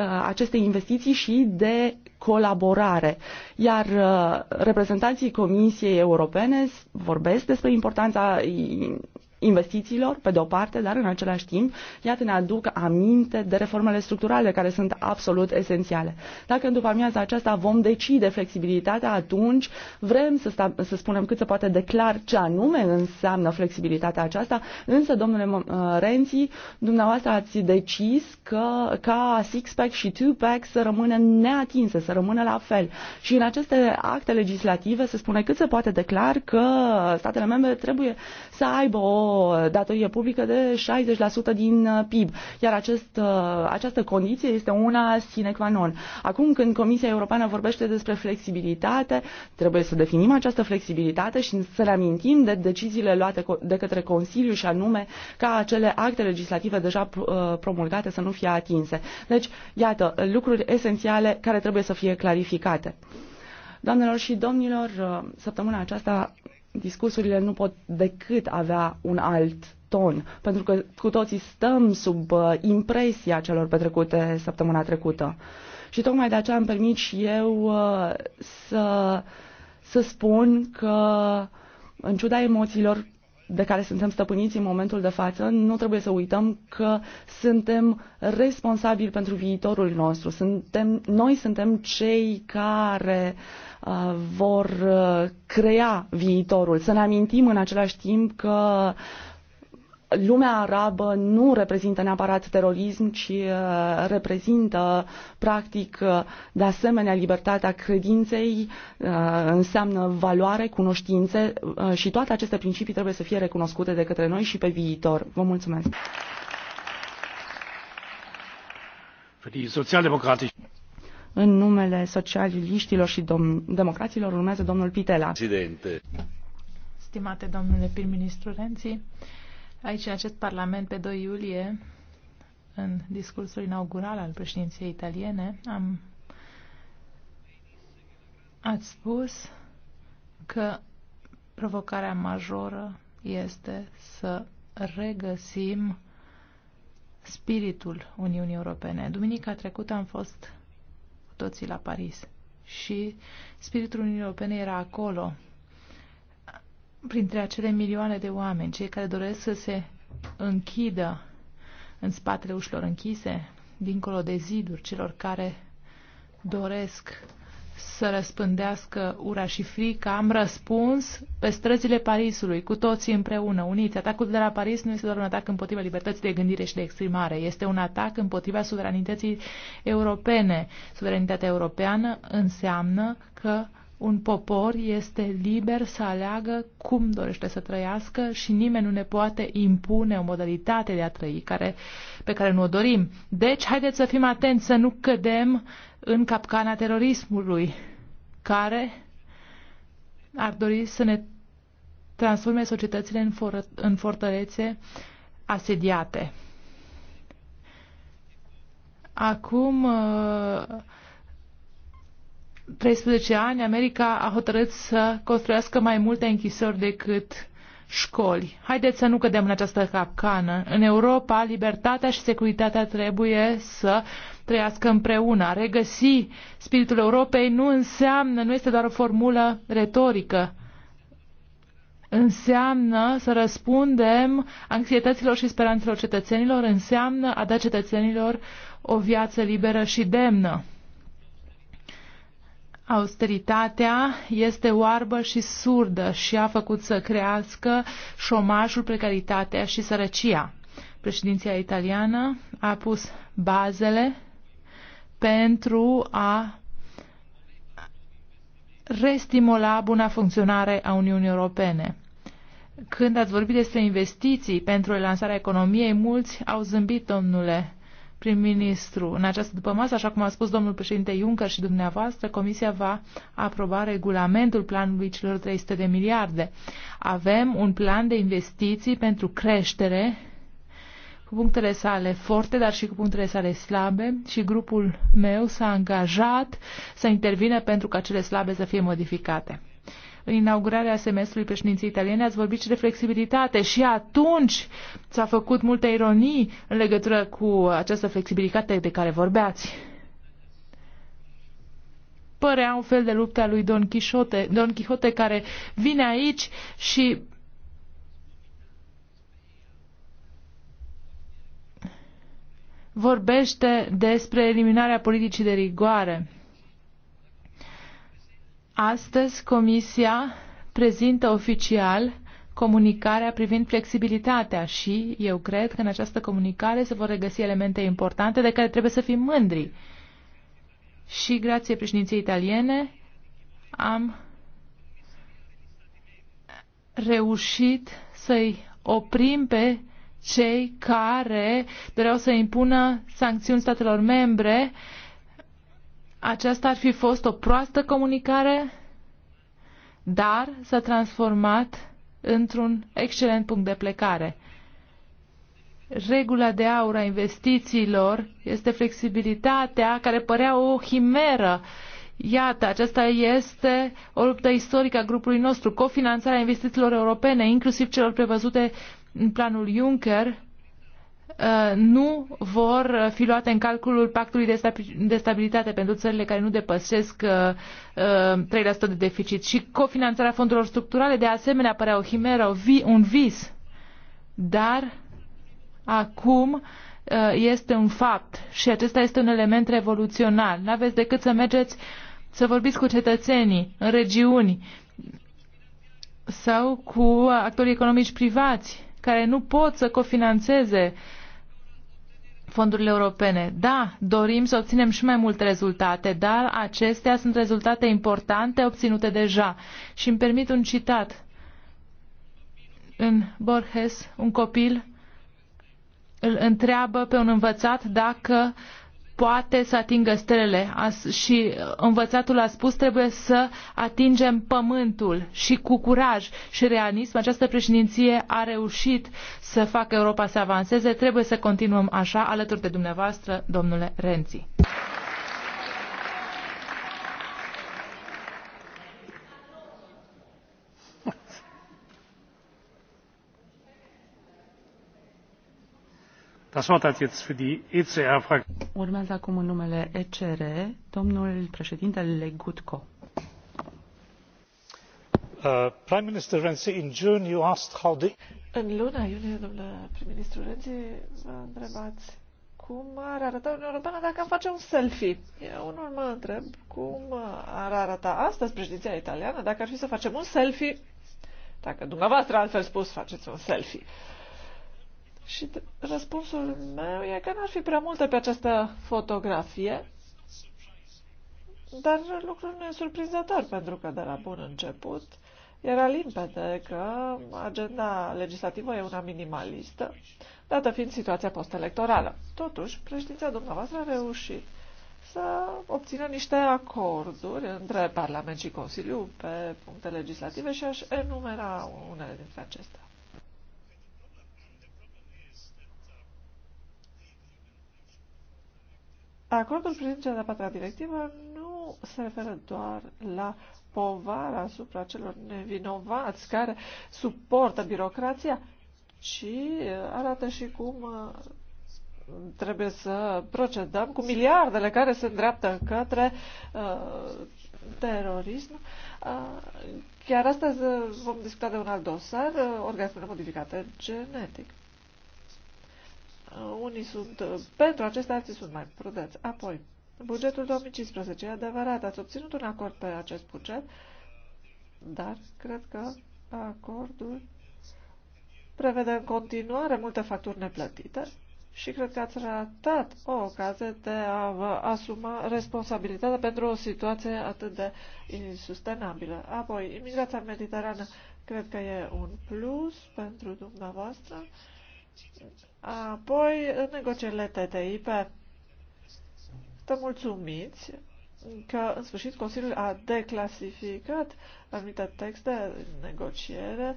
uh, aceste investiții și de colaborare. Iar uh, reprezentanții Comisiei Europene vorbesc despre importanța investițiilor, pe de-o parte, dar în același timp, iată, ne aduc aminte de reformele structurale care sunt absolut esențiale. Dacă în după amiaza aceasta vom decide flexibilitatea, atunci vrem să, să spunem cât se poate de clar ce anume înseamnă flexibilitatea aceasta, însă, domnule uh, Renzi, dumneavoastră ați decis că ca six-pack și two-pack să rămână neatinse, să rămână la fel. Și în aceste acte legislative se spune cât se poate de clar că statele membre trebuie să aibă o datorie publică de 60% din uh, PIB, iar acest, uh, această condiție este una sine qua non. Acum când Comisia Europeană vorbește despre flexibilitate, trebuie să definim această flexibilitate și să ne amintim de deciziile luate de către Consiliu și anume ca acele acte legislative deja uh, promulgate să nu fie atinse. Deci, iată, lucruri esențiale care trebuie să fie clarificate. Doamnelor și domnilor, săptămâna aceasta discursurile nu pot decât avea un alt ton, pentru că cu toții stăm sub uh, impresia celor petrecute săptămâna trecută. Și tocmai de aceea îmi permit și eu uh, să, să spun că, în ciuda emoțiilor de care suntem stăpâniți în momentul de față, nu trebuie să uităm că suntem responsabili pentru viitorul nostru. Suntem, noi suntem cei care uh, Uh, vor uh, crea viitorul. Să ne amintim în același timp că lumea arabă nu reprezintă neapărat terorism, ci uh, reprezintă practic de asemenea libertatea credinței, înseamnă valoare, cunoștințe și toate aceste principii trebuie să fie recunoscute de către noi și pe viitor. Vă mulțumesc! în numele socialiștilor și democraților urmează domnul Pitela. Presidente. Stimate domnule prim-ministru Renzi, aici în acest parlament pe 2 iulie, în discursul inaugural al președinției italiene, am ați spus că provocarea majoră este să regăsim spiritul Uniunii Europene. Duminica trecută am fost toții la Paris. Și spiritul Uniunii Europene era acolo, printre acele milioane de oameni, cei care doresc să se închidă în spatele ușilor închise, dincolo de ziduri, celor care doresc să răspândească ura și frica, am răspuns pe străzile Parisului, cu toții împreună, uniți. Atacul de la Paris nu este doar un atac împotriva libertății de gândire și de exprimare, este un atac împotriva suveranității europene. Suveranitatea europeană înseamnă că un popor este liber să aleagă cum dorește să trăiască și nimeni nu ne poate impune o modalitate de a trăi care, pe care nu o dorim. Deci, haideți să fim atenți să nu cădem în capcana terorismului, care ar dori să ne transforme societățile în, for- în fortărețe asediate. Acum, uh, 13 ani, America a hotărât să construiască mai multe închisori decât școli. Haideți să nu cădem în această capcană. În Europa, libertatea și securitatea trebuie să trăiască împreună. regăsi spiritul Europei nu înseamnă, nu este doar o formulă retorică. Înseamnă să răspundem anxietăților și speranțelor cetățenilor, înseamnă a da cetățenilor o viață liberă și demnă. Austeritatea este oarbă și surdă și a făcut să crească șomajul, precaritatea și sărăcia. Președinția italiană a pus bazele pentru a restimula buna funcționare a Uniunii Europene. Când ați vorbit despre investiții pentru relansarea economiei, mulți au zâmbit, domnule prim-ministru. În această dupămasă, așa cum a spus domnul președinte Juncker și dumneavoastră, Comisia va aproba regulamentul planului celor 300 de miliarde. Avem un plan de investiții pentru creștere cu punctele sale forte, dar și cu punctele sale slabe și grupul meu s-a angajat să intervine pentru ca cele slabe să fie modificate în inaugurarea semestrului președinției italiene, ați vorbit și de flexibilitate și atunci s-a făcut multe ironii în legătură cu această flexibilitate de care vorbeați. Părea un fel de lupta lui Don Quixote, Don Quixote care vine aici și vorbește despre eliminarea politicii de rigoare. Astăzi, Comisia prezintă oficial comunicarea privind flexibilitatea și eu cred că în această comunicare se vor regăsi elemente importante de care trebuie să fim mândri. Și grație președinției italiene am reușit să-i oprim pe cei care doreau să impună sancțiuni statelor membre uh, aceasta ar fi fost o proastă comunicare, dar s-a transformat într-un excelent punct de plecare. Regula de aur a investițiilor este flexibilitatea care părea o himeră. Iată, aceasta este o luptă istorică a grupului nostru, cofinanțarea investițiilor europene, inclusiv celor prevăzute în planul Juncker, Uh, nu vor fi luate în calculul pactului de stabilitate pentru țările care nu depășesc 3% uh, uh, de deficit și cofinanțarea fondurilor structurale de asemenea părea o himeră, un vis, dar acum este un fapt și acesta este un element revoluțional. N-aveți decât să mergeți să vorbiți cu cetățenii în regiuni sau cu actorii economici privați care nu pot să cofinanțeze uh, fondurile europene. Da, dorim să obținem și mai multe rezultate, dar acestea sunt rezultate importante obținute deja. Și îmi permit un citat. În Borges, un copil îl întreabă pe un învățat dacă uh, poate să atingă stelele și uh, învățatul a spus trebuie să atingem pământul și cu curaj și realism această președinție a reușit să facă Europa să avanseze, trebuie să continuăm așa alături de dumneavoastră, domnule Renzi. Urmează acum în numele ECR domnul președinte Legutko. Uh, Prime Minister Renzi, În luna iunie, domnule prim-ministru Renzi, vă întrebați cum ar arăta Uniunea Europeană dacă am face un selfie. Eu nu mă întreb cum ar arăta astăzi președinția italiană dacă ar fi să facem un selfie, dacă dumneavoastră altfel spus faceți un selfie. Și răspunsul meu e că n-ar fi prea multe pe această fotografie, dar lucrul nu e surprinzător, pentru că de la bun început era limpede că agenda legislativă e una minimalistă, dată fiind situația postelectorală. Totuși, președinția dumneavoastră a reușit să obțină niște acorduri între Parlament și Consiliu pe puncte legislative și aș enumera unele dintre acestea. Acordul privind cea de-a patra directivă nu se referă doar la povara asupra celor nevinovați care suportă birocrația, ci arată și cum uh, trebuie să procedăm cu miliardele care se îndreaptă către uh, terorism. Uh, chiar astăzi uh, vom discuta de un alt dosar, uh, organismele modificate genetic. Uh, unii sunt uh, pentru acestea, alții sunt mai prudenți. Apoi, bugetul 2015, e adevărat, ați obținut un acord pe acest buget, dar cred că acordul prevede în continuare multe facturi neplătite și cred că ați ratat o ocazie de a vă asuma responsabilitatea pentru o situație atât de insustenabilă. Apoi, imigrația mediterană cred că e un plus pentru dumneavoastră Apoi, în negocierile TTIP, suntem mulțumiți că, în sfârșit, Consiliul a declasificat anumite texte de negociere,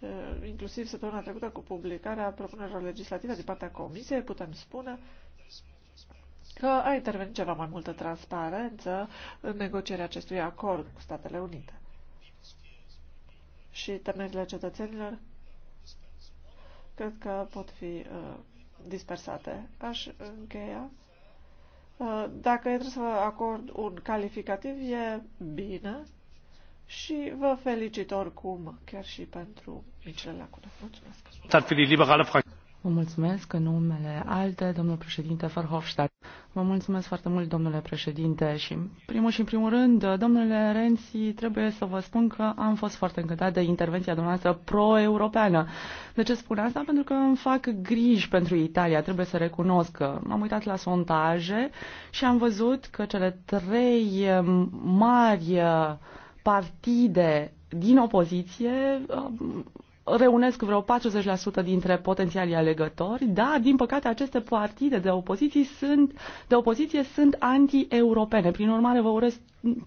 eh, inclusiv săptămâna trecută cu publicarea propunerilor legislative din partea Comisiei, putem spune că a intervenit ceva mai multă transparență în negocierea acestui acord cu Statele Unite. Și temerile cetățenilor cred că pot fi uh, dispersate. Aș încheia. Uh, dacă trebuie să vă acord un calificativ, e bine și vă felicit oricum, chiar și pentru micile lacune. Mulțumesc! Vă mulțumesc în numele alte, domnul președinte Verhofstadt. Vă mulțumesc foarte mult, domnule președinte. Și primul și în primul rând, domnule Renzi, trebuie să vă spun că am fost foarte încântat de intervenția dumneavoastră pro-europeană. De ce spun asta? Pentru că îmi fac griji pentru Italia. Trebuie să recunosc că m-am uitat la sondaje și am văzut că cele trei mari partide din opoziție reunesc vreo 40% dintre potențialii alegători, dar din păcate aceste partide de opoziție sunt, de opoziție sunt anti-europene. Prin urmare, vă urez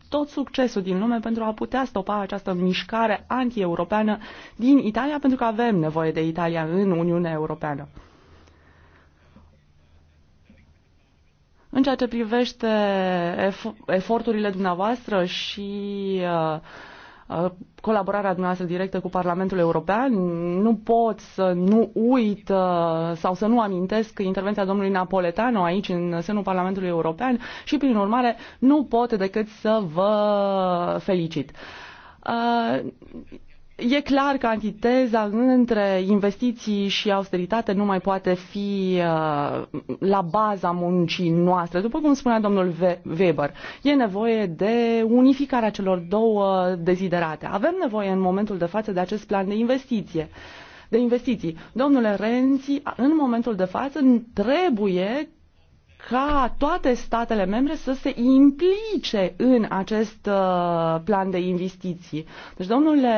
tot succesul din lume pentru a putea stopa această mișcare anti-europeană din Italia, pentru că avem nevoie de Italia în Uniunea Europeană. În ceea ce privește eforturile dumneavoastră și uh, Uh, colaborarea dumneavoastră directă cu Parlamentul European. Nu pot să nu uit uh, sau să nu amintesc intervenția domnului Napoletano aici în sânul Parlamentului European și, prin urmare, nu pot decât să vă felicit. Uh, E clar că antiteza între investiții și austeritate nu mai poate fi uh, la baza muncii noastre. După cum spunea domnul Weber, e nevoie de unificarea celor două deziderate. Avem nevoie în momentul de față de acest plan de investiție de investiții. Domnule Renzi, în momentul de față trebuie ca toate statele membre să se implice în acest uh, plan de investiții. Deci, domnule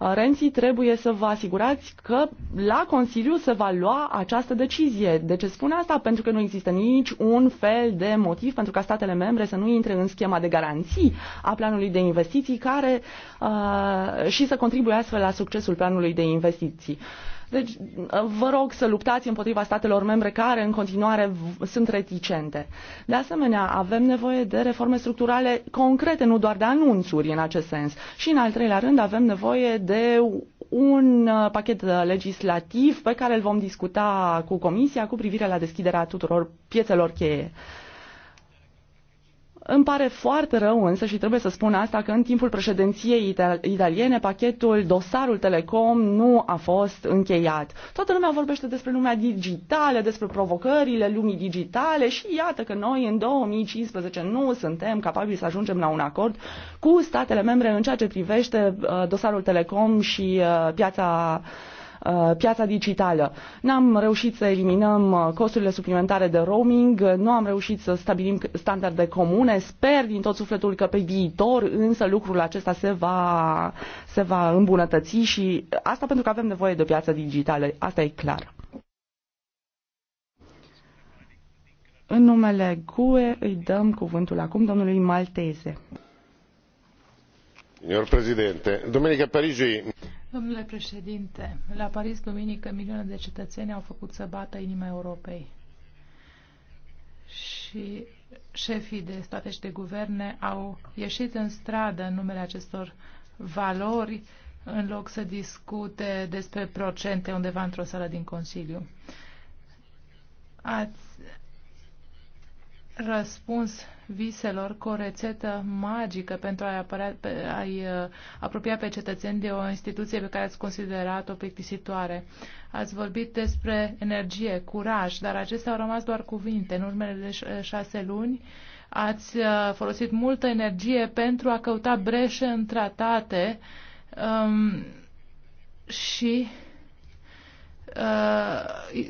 uh, Renzi, trebuie să vă asigurați că la Consiliu se va lua această decizie. De ce spun asta? Pentru că nu există nici un fel de motiv pentru ca statele membre să nu intre în schema de garanții a planului de investiții care uh, și să contribuie astfel la succesul planului de investiții. Uh, deci vă rog să luptați împotriva statelor membre care în continuare sunt reticente. De asemenea, avem nevoie de reforme structurale concrete, nu doar de anunțuri în acest sens. Și în al treilea rând avem nevoie de un uh, pachet legislativ pe care îl vom discuta cu Comisia cu privire la deschiderea tuturor piețelor cheie. Îmi pare foarte rău însă și trebuie să spun asta că în timpul președinției italiene pachetul, dosarul Telecom nu a fost încheiat. Toată lumea vorbește despre lumea digitală, despre provocările lumii digitale și iată că noi în 2015 nu suntem capabili să ajungem la un acord cu statele membre în ceea ce privește uh, dosarul Telecom și uh, piața uh, Uh, piața digitală. N-am reușit să eliminăm uh, costurile suplimentare de roaming, nu am reușit să stabilim standarde comune. Sper din tot sufletul că pe viitor însă lucrul acesta se va, se va îmbunătăți și asta pentru că avem nevoie de piața piață digitală. Asta e clar. În numele GUE îi dăm cuvântul acum domnului Malteze. Domnule președinte, duminică Parigi. Domnule președinte, la Paris duminică milioane de cetățeni au făcut să bată inima Europei. Și șefii de state și de guverne au ieșit în stradă în numele acestor valori în loc să discute despre procente undeva într-o sală din Consiliu. Ați răspuns viselor cu o rețetă magică pentru a-i, apărea, a-i uh, apropia pe cetățeni de o instituție pe care ați considerat-o plictisitoare. Ați vorbit despre energie, curaj, dar acestea au rămas doar cuvinte. În urmele de uh, șase luni ați uh, folosit multă energie pentru a căuta breșe în tratate um, și uh,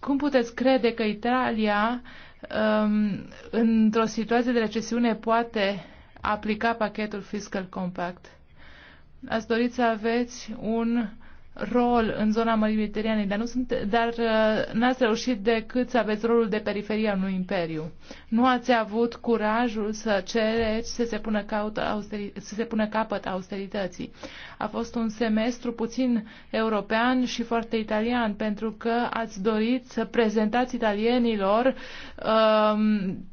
cum puteți crede că Italia Um, într-o situație de recesiune poate aplica pachetul Fiscal Compact. Ați dorit să aveți un rol în zona Mării Mediterane, dar, nu sunt, dar uh, n-ați reușit decât să aveți rolul de periferie al unui imperiu. Nu ați avut curajul să cereți să se pună, caut, austeri, să se pună capăt austerității. A fost un semestru puțin european și foarte italian, pentru că ați dorit să prezentați italienilor um,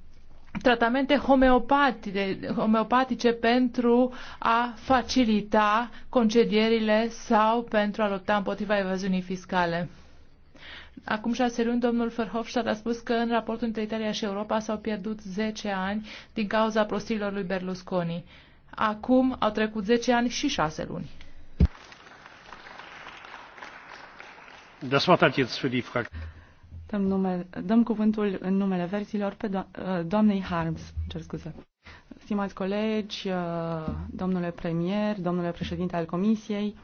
tratamente homeopatice, homeopatice pentru a facilita concedierile sau pentru a lupta împotriva evaziunii fiscale. Acum șase luni, domnul Verhofstadt a spus că în raportul între Italia și Europa s-au pierdut 10 ani din cauza prostilor lui Berlusconi. Acum au trecut 10 ani și 6 luni. Das Wort hat jetzt für die Dăm, nume, dăm cuvântul în numele verzilor pe do uh, doamnei Harms. Cer scuze. Stimați colegi, uh, domnule premier, domnule președinte al comisiei,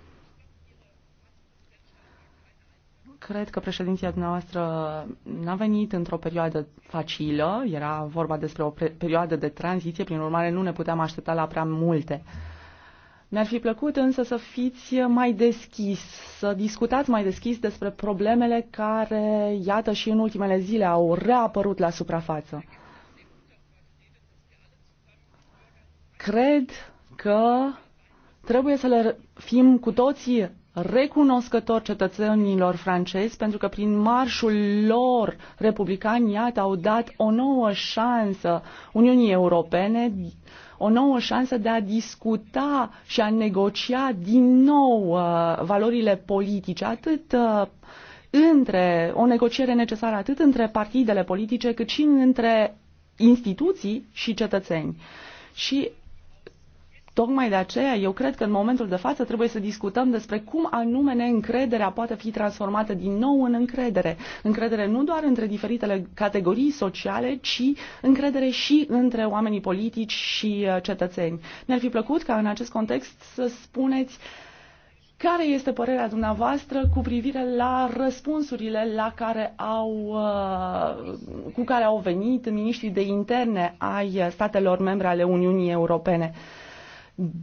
cred că președinția dumneavoastră n-a venit într-o perioadă facilă, era vorba despre o perioadă de tranziție, prin urmare nu ne puteam aștepta la prea multe. Uh, mi-ar fi plăcut însă să fiți mai deschis, să discutați mai deschis despre problemele care, iată, și în ultimele zile au reapărut la suprafață. Cred că trebuie să le fim cu toții recunoscători cetățenilor francezi pentru că prin marșul lor republican, iată, au dat o nouă șansă Uniunii Europene o nouă șansă de a discuta și a negocia din nou uh, valorile politice, atât uh, între o negociere necesară atât între partidele politice cât și între instituții și cetățeni. Și Tocmai de aceea, eu cred că în momentul de față trebuie să discutăm despre cum anume neîncrederea poate fi transformată din nou în încredere. Încredere nu doar între diferitele categorii sociale, ci încredere și între oamenii politici și uh, cetățeni. Mi-ar fi plăcut ca în acest context să spuneți care este părerea dumneavoastră cu privire la răspunsurile la care au, uh, cu care au venit miniștrii de interne ai statelor membre ale Uniunii Europene?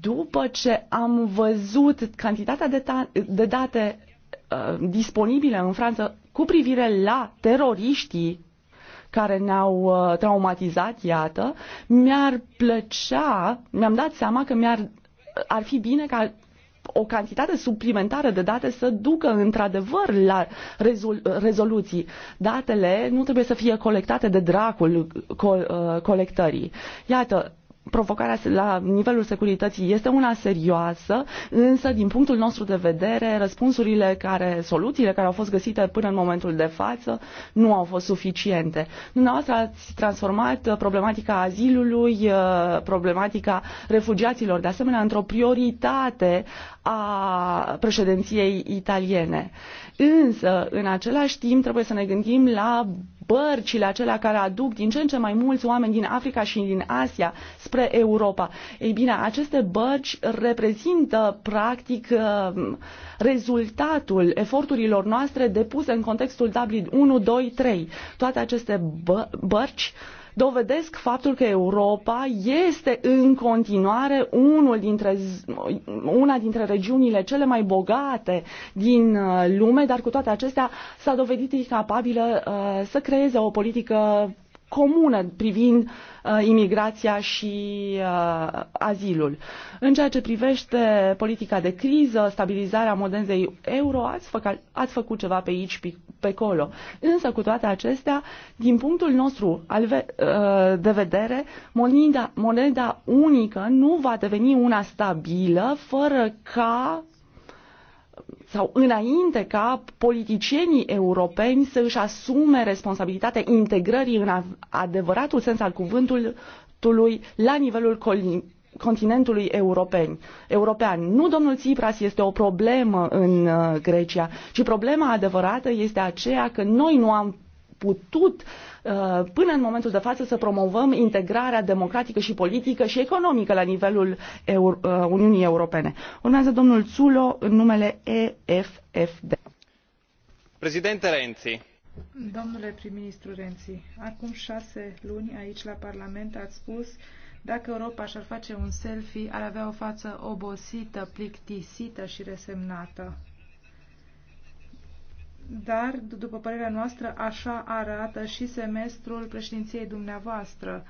După ce am văzut cantitatea de, de date uh, disponibile în Franță cu privire la teroriștii care ne-au uh, traumatizat, iată, mi-ar plăcea, mi-am dat seama că mi-ar ar fi bine ca o cantitate suplimentară de date să ducă într-adevăr la rezol- rezoluții. Datele nu trebuie să fie colectate de dracul co- uh, colectării. Iată, provocarea la nivelul securității este una serioasă, însă din punctul nostru de vedere, răspunsurile care, soluțiile care au fost găsite până în momentul de față nu au fost suficiente. Dumneavoastră ați transformat uh, problematica azilului, uh, problematica refugiaților, de asemenea, într-o prioritate a președinției italiene. Însă, în același timp, trebuie să ne gândim la bărcile acelea care aduc din ce în ce mai mulți oameni din Africa și din Asia spre Europa. Ei bine, aceste bărci reprezintă practic um, rezultatul eforturilor noastre depuse în contextul Dublin 1, 2, 3. Toate aceste bă- bărci dovedesc faptul că Europa este în continuare unul dintre, una dintre regiunile cele mai bogate din uh, lume, dar cu toate acestea s-a dovedit incapabilă uh, să creeze o politică comună privind uh, Uh, imigrația și uh, azilul. În ceea ce privește politica de criză, stabilizarea modenzei euro, ați, făca, ați făcut ceva pe aici, pe acolo. Însă, cu toate acestea, din punctul nostru uh, de vedere, moneda, moneda unică nu va deveni una stabilă fără ca sau înainte ca politicienii europeni să își asume responsabilitatea integrării în adevăratul sens al cuvântului la nivelul continentului european. european. Nu domnul Tsipras este o problemă în uh, Grecia, ci problema adevărată este aceea că noi nu am putut uh, până în momentul de față să promovăm integrarea democratică și politică și economică la nivelul Euro uh, Uniunii Europene. Urmează domnul Țulo în numele EFFD. Președinte Renzi, Domnule prim-ministru Renzi, acum șase luni aici la Parlament ați spus dacă Europa și-ar face un selfie, ar avea o față obosită, plictisită și resemnată dar, după părerea noastră, așa arată și semestrul președinției dumneavoastră.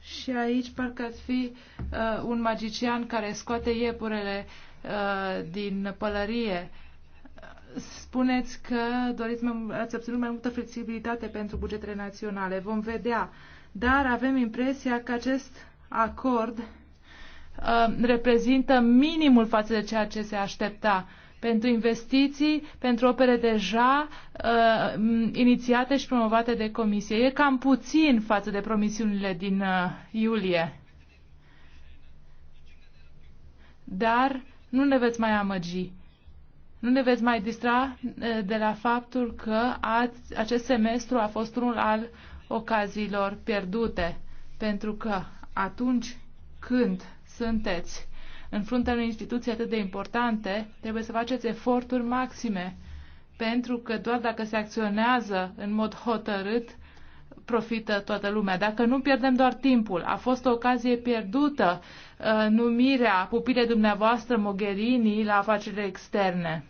Și aici parcă ar fi uh, un magician care scoate iepurele uh, din pălărie. Spuneți că doriți mai, ați obținut mai multă flexibilitate pentru bugetele naționale. Vom vedea. Dar avem impresia că acest acord uh, reprezintă minimul față de ceea ce se aștepta. Uh, pentru investiții, pentru opere deja uh, inițiate și promovate de comisie. E cam puțin față de promisiunile din uh, iulie. Dar nu ne veți mai amăgi. Nu ne veți mai distra uh, de la faptul că ați, acest semestru a fost unul al ocaziilor pierdute, pentru că atunci când sunteți în fruntea unei instituții atât de importante, trebuie să faceți eforturi maxime, pentru că doar dacă se acționează în mod hotărât, profită toată lumea. Dacă nu pierdem doar timpul, a fost o ocazie pierdută uh, numirea pupile dumneavoastră Mogherini la afacerile externe.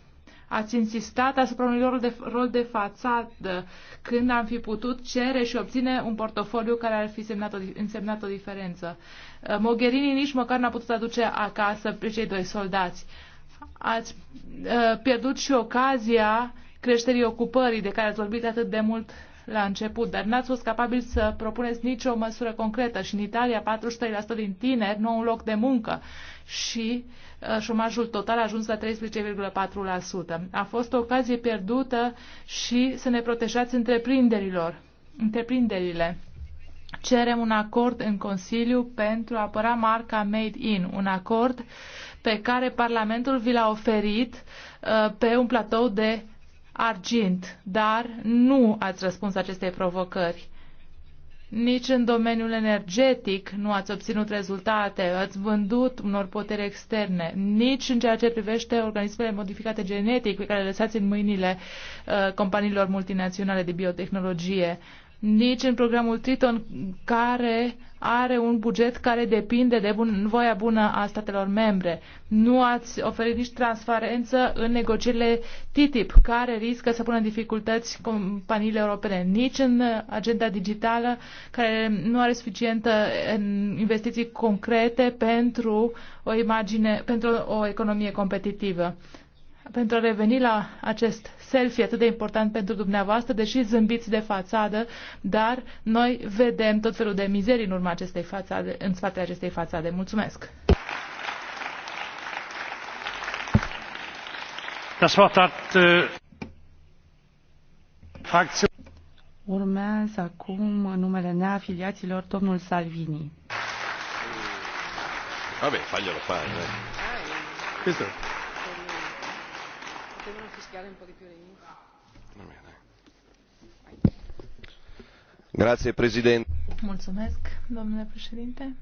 Ați insistat asupra unui rol de, rol de fațadă când am fi putut cere și obține un portofoliu care ar fi semnat o, însemnat o diferență. Uh, Mogherini nici măcar n-a putut aduce acasă pe cei doi soldați. Ați uh, pierdut și ocazia creșterii ocupării de care ați vorbit atât de mult la început, dar n-ați fost capabil să propuneți nicio măsură concretă și în Italia 43% din tineri nu au un loc de muncă și uh, Uh, șomajul total a ajuns la 13,4%. A fost o ocazie pierdută și să ne protejați întreprinderilor, întreprinderile. Cerem un acord în Consiliu pentru a apăra marca Made In, un acord pe care Parlamentul vi l-a oferit uh, pe un platou de argint, dar nu ați răspuns acestei provocări. Nici în domeniul energetic nu ați obținut rezultate, ați vândut unor puteri externe, nici în ceea ce privește organismele modificate genetic pe care le lăsați în mâinile uh, companiilor multinaționale de biotehnologie, nici în programul Triton care are un buget care depinde de bun, voia bună a statelor membre. Nu ați oferit nici transparență în negocierile TTIP, care riscă să pună în dificultăți companiile europene, nici în agenda digitală, care nu are suficientă investiții concrete pentru o imagine, pentru o economie competitivă pentru a reveni la acest selfie atât de important pentru dumneavoastră, deși zâmbiți de fațadă, dar noi vedem tot felul de mizerii în urma acestei fațade, în spatele acestei fațade. Mulțumesc! Das Wort hat, äh, Fraktion. Urmează acum numele neafiliaților domnul Salvini. Vabbè, faglielo fare. Questo. Da. Mulțumesc, domnule președinte.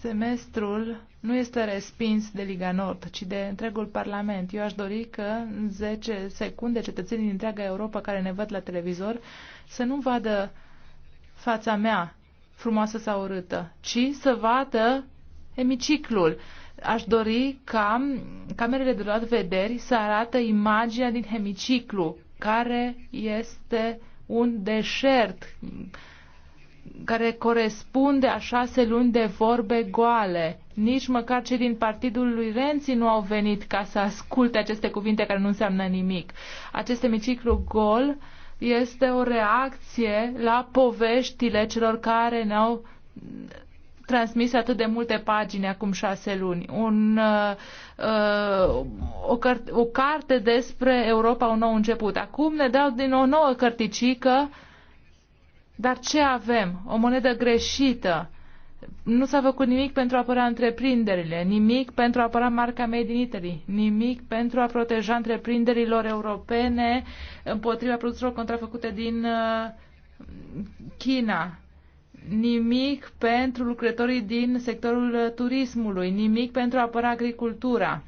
semestrul nu este respins de Liga Nord, ci de întregul Parlament. Eu aș dori că în zece secunde cetățenii din întreaga Europa care ne văd la televizor să nu vadă fața mea frumoasă sau urâtă, ci să vadă hemiciclul. Aș dori ca camerele de luat vederi să arată imaginea din hemiciclu, care este un deșert, care corespunde a șase luni de vorbe goale. Nici măcar cei din partidul lui Renzi nu au venit ca să asculte aceste cuvinte care nu înseamnă nimic. Acest hemiciclu gol este o reacție la poveștile celor care ne-au transmis atât de multe pagini acum șase luni. Un, uh, uh o, cart- o carte despre Europa, un nou început. Acum ne dau din nou o nouă carticică, dar ce avem? O monedă greșită. Nu s-a făcut nimic pentru a apăra întreprinderile, nimic pentru a apăra marca Made in Italy, nimic pentru a proteja întreprinderilor europene împotriva produselor contrafăcute din uh, China nimic pentru lucrătorii din sectorul uh, turismului, nimic pentru a apăra agricultura.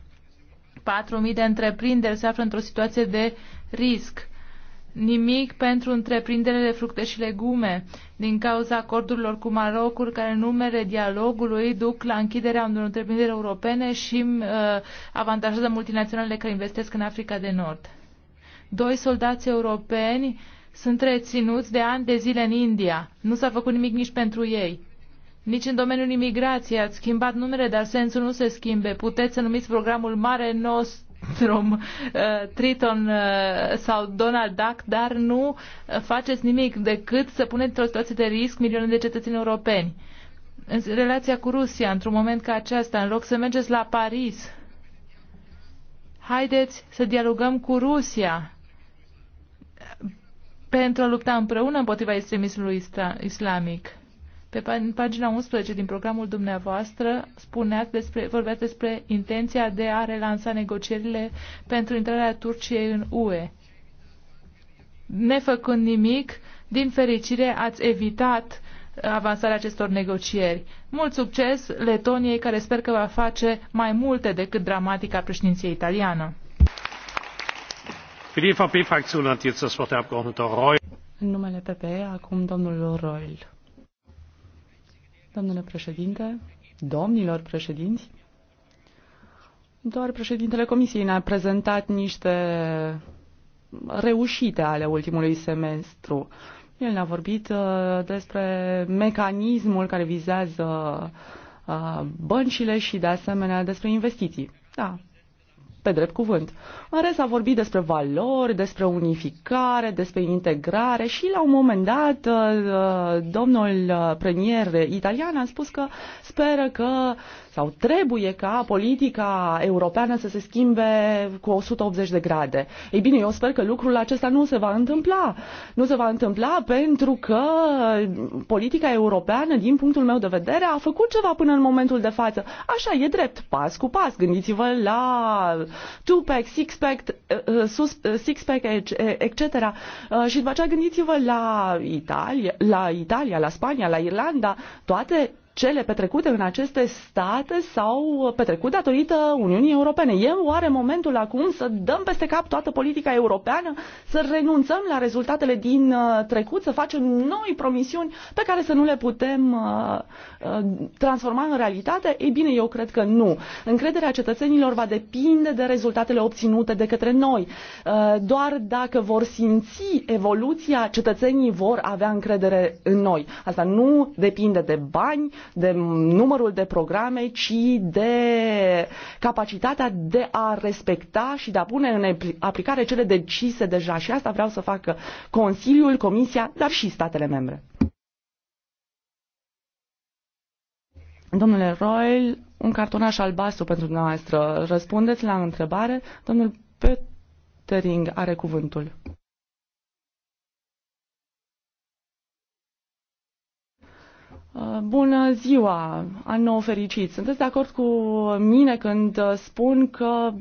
4.000 de întreprinderi se află într-o situație de risc. Nimic pentru întreprinderile de fructe și legume, din cauza acordurilor cu Marocul, care în numele dialogului duc la închiderea unor întreprinderi europene și uh, avantajează multinaționalele care investesc în Africa de Nord. Doi soldați europeni uh, sunt reținuți de ani de zile în India. Nu s-a făcut nimic nici pentru ei. Nici în domeniul imigrației ați schimbat numele, dar sensul nu se schimbe. Puteți să numiți programul Mare Nostrum, uh, Triton uh, sau Donald Duck, dar nu uh, faceți nimic decât să puneți într-o situație de risc milioane de cetățeni europeni. În relația cu Rusia, într-un moment ca acesta, în loc să mergeți la Paris, haideți să dialogăm cu Rusia pentru a lupta împreună împotriva extremismului islamic. Pe pagina 11 din programul dumneavoastră spuneați despre, vorbeați despre intenția de a relansa negocierile pentru intrarea Turciei în UE. Nefăcând nimic, din fericire ați evitat avansarea acestor negocieri. Mult succes Letoniei, care sper că va face mai multe decât dramatica președinției italiană domnule președinte domnilor președinți doar președintele comisiei ne a prezentat niște reușite ale ultimului semestru el ne-a vorbit uh, despre mecanismul care vizează uh, băncile și de asemenea despre investiții da pe drept cuvânt. În rest a vorbit despre valori, despre unificare, despre integrare și la un moment dat uh, domnul uh, premier italian a spus că speră că sau trebuie ca politica europeană să se schimbe cu 180 de grade. Ei bine, eu sper că lucrul acesta nu se va întâmpla. Nu se va întâmpla pentru că politica europeană, din punctul meu de vedere, a făcut ceva până în momentul de față. Așa e drept, pas cu pas. Gândiți-vă la two-pack, six-pack, uh, uh, uh, six-pack, etc. Și după aceea gândiți-vă la Italia, la Italia, la Spania, la Irlanda, toate cele petrecute în aceste state s-au petrecut datorită Uniunii Europene. E oare momentul acum să dăm peste cap toată politica europeană, să renunțăm la rezultatele din uh, trecut, să facem noi promisiuni pe care să nu le putem uh, uh, transforma în realitate? Ei bine, eu cred că nu. Încrederea cetățenilor va depinde de rezultatele obținute de către noi. Doar dacă vor simți evoluția, cetățenii vor avea încredere în noi. Asta nu depinde de bani, de numărul de programe, ci de capacitatea de a respecta și de a pune în aplicare cele decise deja. Și asta vreau să facă Consiliul, Comisia, dar și statele membre. Domnule Royal, un cartonaș albastru pentru dumneavoastră. Răspundeți la întrebare. Domnul Petering are cuvântul. Uh, bună ziua, an nou fericit. Sunteți de acord cu mine când uh, spun că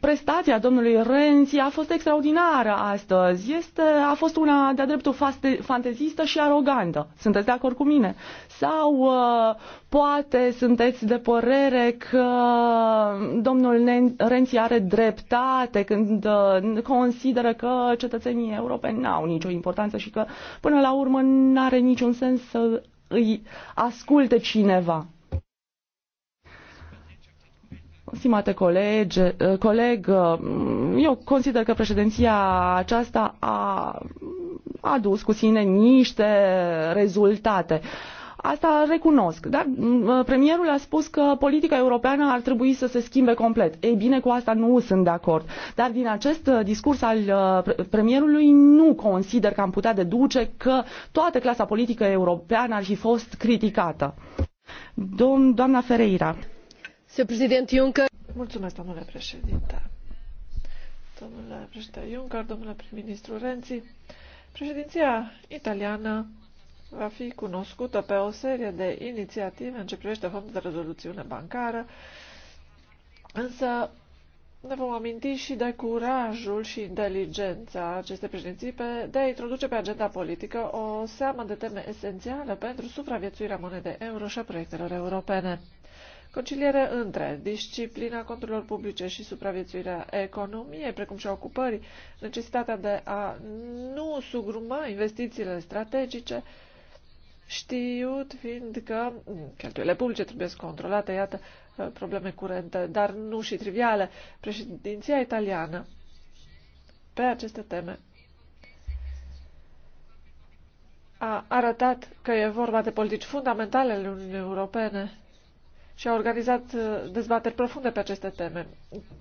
prestația domnului Renzi a fost extraordinară astăzi. Este, a fost una de-a dreptul faste, fantezistă și arogantă. Sunteți de acord cu mine? Sau uh, poate sunteți de părere că domnul Renzi are dreptate când uh, consideră că cetățenii europeni n-au nicio importanță și că până la urmă n-are niciun sens să îi asculte cineva. Stimate colegi, eh, coleg, eh, eu consider că președinția aceasta a adus cu sine niște rezultate. Asta recunosc, dar mm, eh, premierul a spus că politica europeană ar trebui să se schimbe complet. Ei bine, cu asta nu sunt de acord. Dar din acest discurs al premierului nu consider că am putea deduce că toată clasa politică europeană ar fi fost criticată. Domn, doamna Ferreira domnule președinte. Domnule președinte Juncker, domnule prim-ministru Renzi, președinția italiană va fi cunoscută pe o serie de inițiative în ce privește fondul de rezoluțiune bancară, însă ne vom aminti și de curajul și inteligența acestei președinții pe, de a introduce pe agenda politică o seamă de teme esențiale pentru supraviețuirea monedei euro și a proiectelor europene. Conciliere între disciplina conturilor publice și supraviețuirea economiei, precum și a ocupării, necesitatea de a nu sugruma investițiile strategice, știut fiind că cheltuielile publice trebuie controlate, iată, probleme curente, dar nu și triviale. Președinția italiană pe aceste teme a arătat că e vorba de politici fundamentale ale Uniunii Europene și a organizat uh, dezbateri profunde pe aceste teme.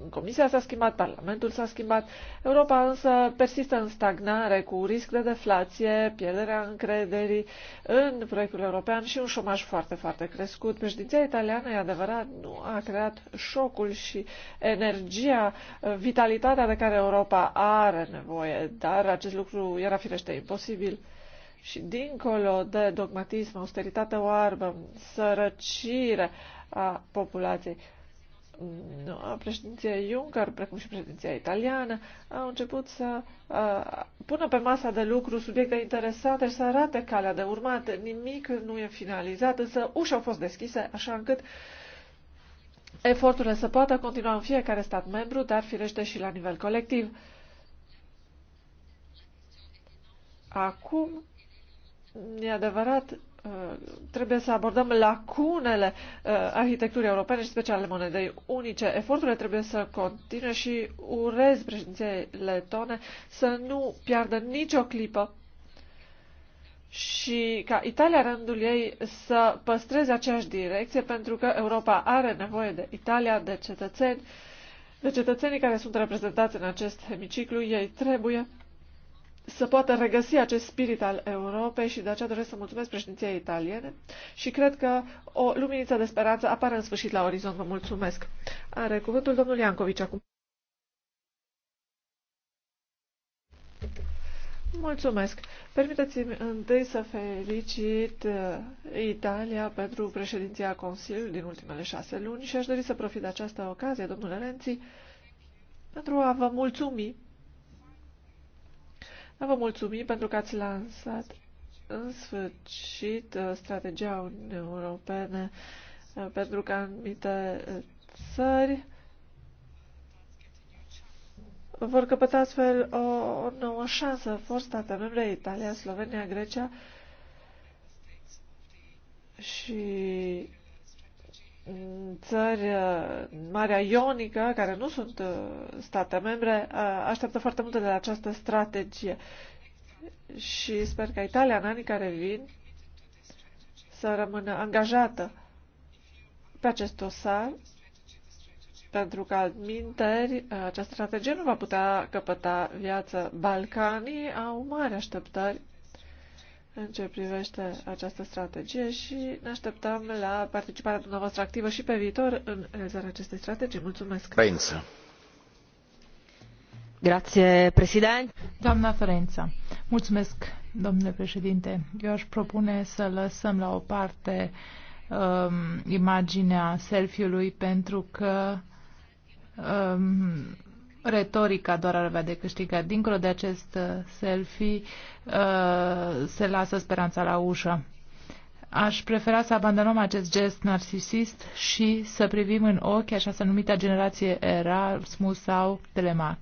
Comisia s-a schimbat, Parlamentul s-a schimbat, Europa însă persistă în stagnare cu risc de deflație, pierderea încrederii în proiectul european și un șomaj foarte, foarte crescut. Președinția italiană, e adevărat, nu a creat șocul și energia, uh, vitalitatea de care Europa are nevoie, dar acest lucru era firește imposibil și dincolo de dogmatism, austeritate oarbă, sărăcire a populației, președinția Juncker, precum și președinția italiană, au început să uh, pună pe masa de lucru subiecte interesante și să arate calea de urmat. Nimic nu e finalizat, însă ușa au fost deschise, așa încât eforturile să poată continua în fiecare stat membru, dar firește și la nivel colectiv. Acum E adevărat, uh, trebuie să abordăm lacunele uh, arhitecturii europene și special ale monedei unice. Eforturile trebuie să continue și urez președinției letone să nu piardă nicio clipă și ca Italia rândul ei să păstreze aceeași direcție pentru că Europa are nevoie de Italia, de cetățeni, de cetățenii care sunt reprezentați în acest hemiciclu, ei trebuie să poată regăsi acest spirit al Europei și de aceea doresc să mulțumesc președinției italiene și cred că o luminiță de speranță apare în sfârșit la orizont. Vă mulțumesc. Are cuvântul domnul Iancovici acum. Mulțumesc. Permiteți-mi întâi să felicit uh, Italia pentru președinția Consiliului din ultimele șase luni și aș dori să profit de această ocazie, domnule Renzi, pentru a vă mulțumi Vă mulțumim pentru că ați lansat în sfârșit uh, strategia Uniunii Europene uh, pentru că anumite uh, țări vor căpăta astfel o, o nouă șansă. Vor state membre, Italia, Slovenia, Grecia și țări, uh, Marea Ionică, care nu sunt uh, state membre, uh, așteaptă foarte multe de la această strategie. Și sper că Italia, în anii care vin, să rămână angajată pe acest dosar, pentru că minteri, această strategie nu va putea căpăta viață. Balcanii au mari așteptări în ce privește această strategie și ne așteptăm la participarea dumneavoastră activă și pe viitor în realizarea acestei strategii. Mulțumesc! Reință. Grazie, președinte. Doamna Ferența, mulțumesc, domnule președinte. Eu aș propune să lăsăm la o parte um, imaginea selfie-ului pentru că um, retorica doar ar avea de câștigat. Dincolo de acest uh, selfie, uh, se lasă speranța la ușă. Aș prefera să abandonăm acest gest narcisist și să privim în ochi așa să numita generație Erasmus sau Telemac.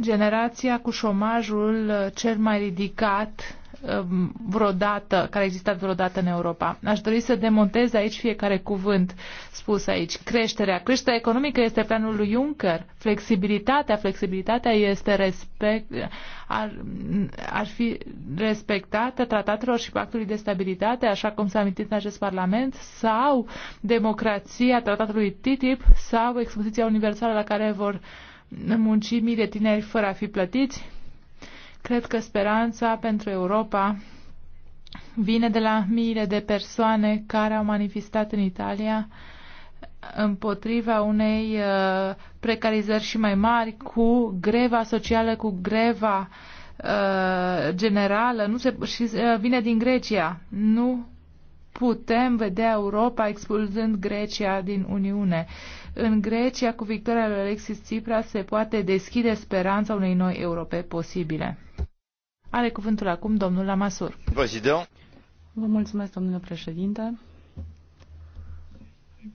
Generația cu șomajul uh, cel mai ridicat Um, vreodată, care a existat vreodată în Europa. Aș dori să demontez aici fiecare cuvânt spus aici. Creșterea. Creșterea economică este planul lui Juncker. Flexibilitatea. Flexibilitatea este respect, ar, ar fi respectată tratatelor și pactului de stabilitate, așa cum s-a amintit în acest Parlament, sau democrația tratatului TTIP sau expoziția universală la care vor munci mii de tineri fără a fi plătiți Cred că speranța pentru Europa vine de la miile de persoane care au manifestat în Italia împotriva unei uh, precarizări și mai mari cu greva socială, cu greva uh, generală nu se, și uh, vine din Grecia. Nu putem vedea Europa expulzând Grecia din Uniune. În Grecia, cu victoria lui Alexis Tsipras, se poate deschide speranța unei noi Europe posibile. Are cuvântul acum domnul Lamasur. President. Vă mulțumesc, domnule președinte.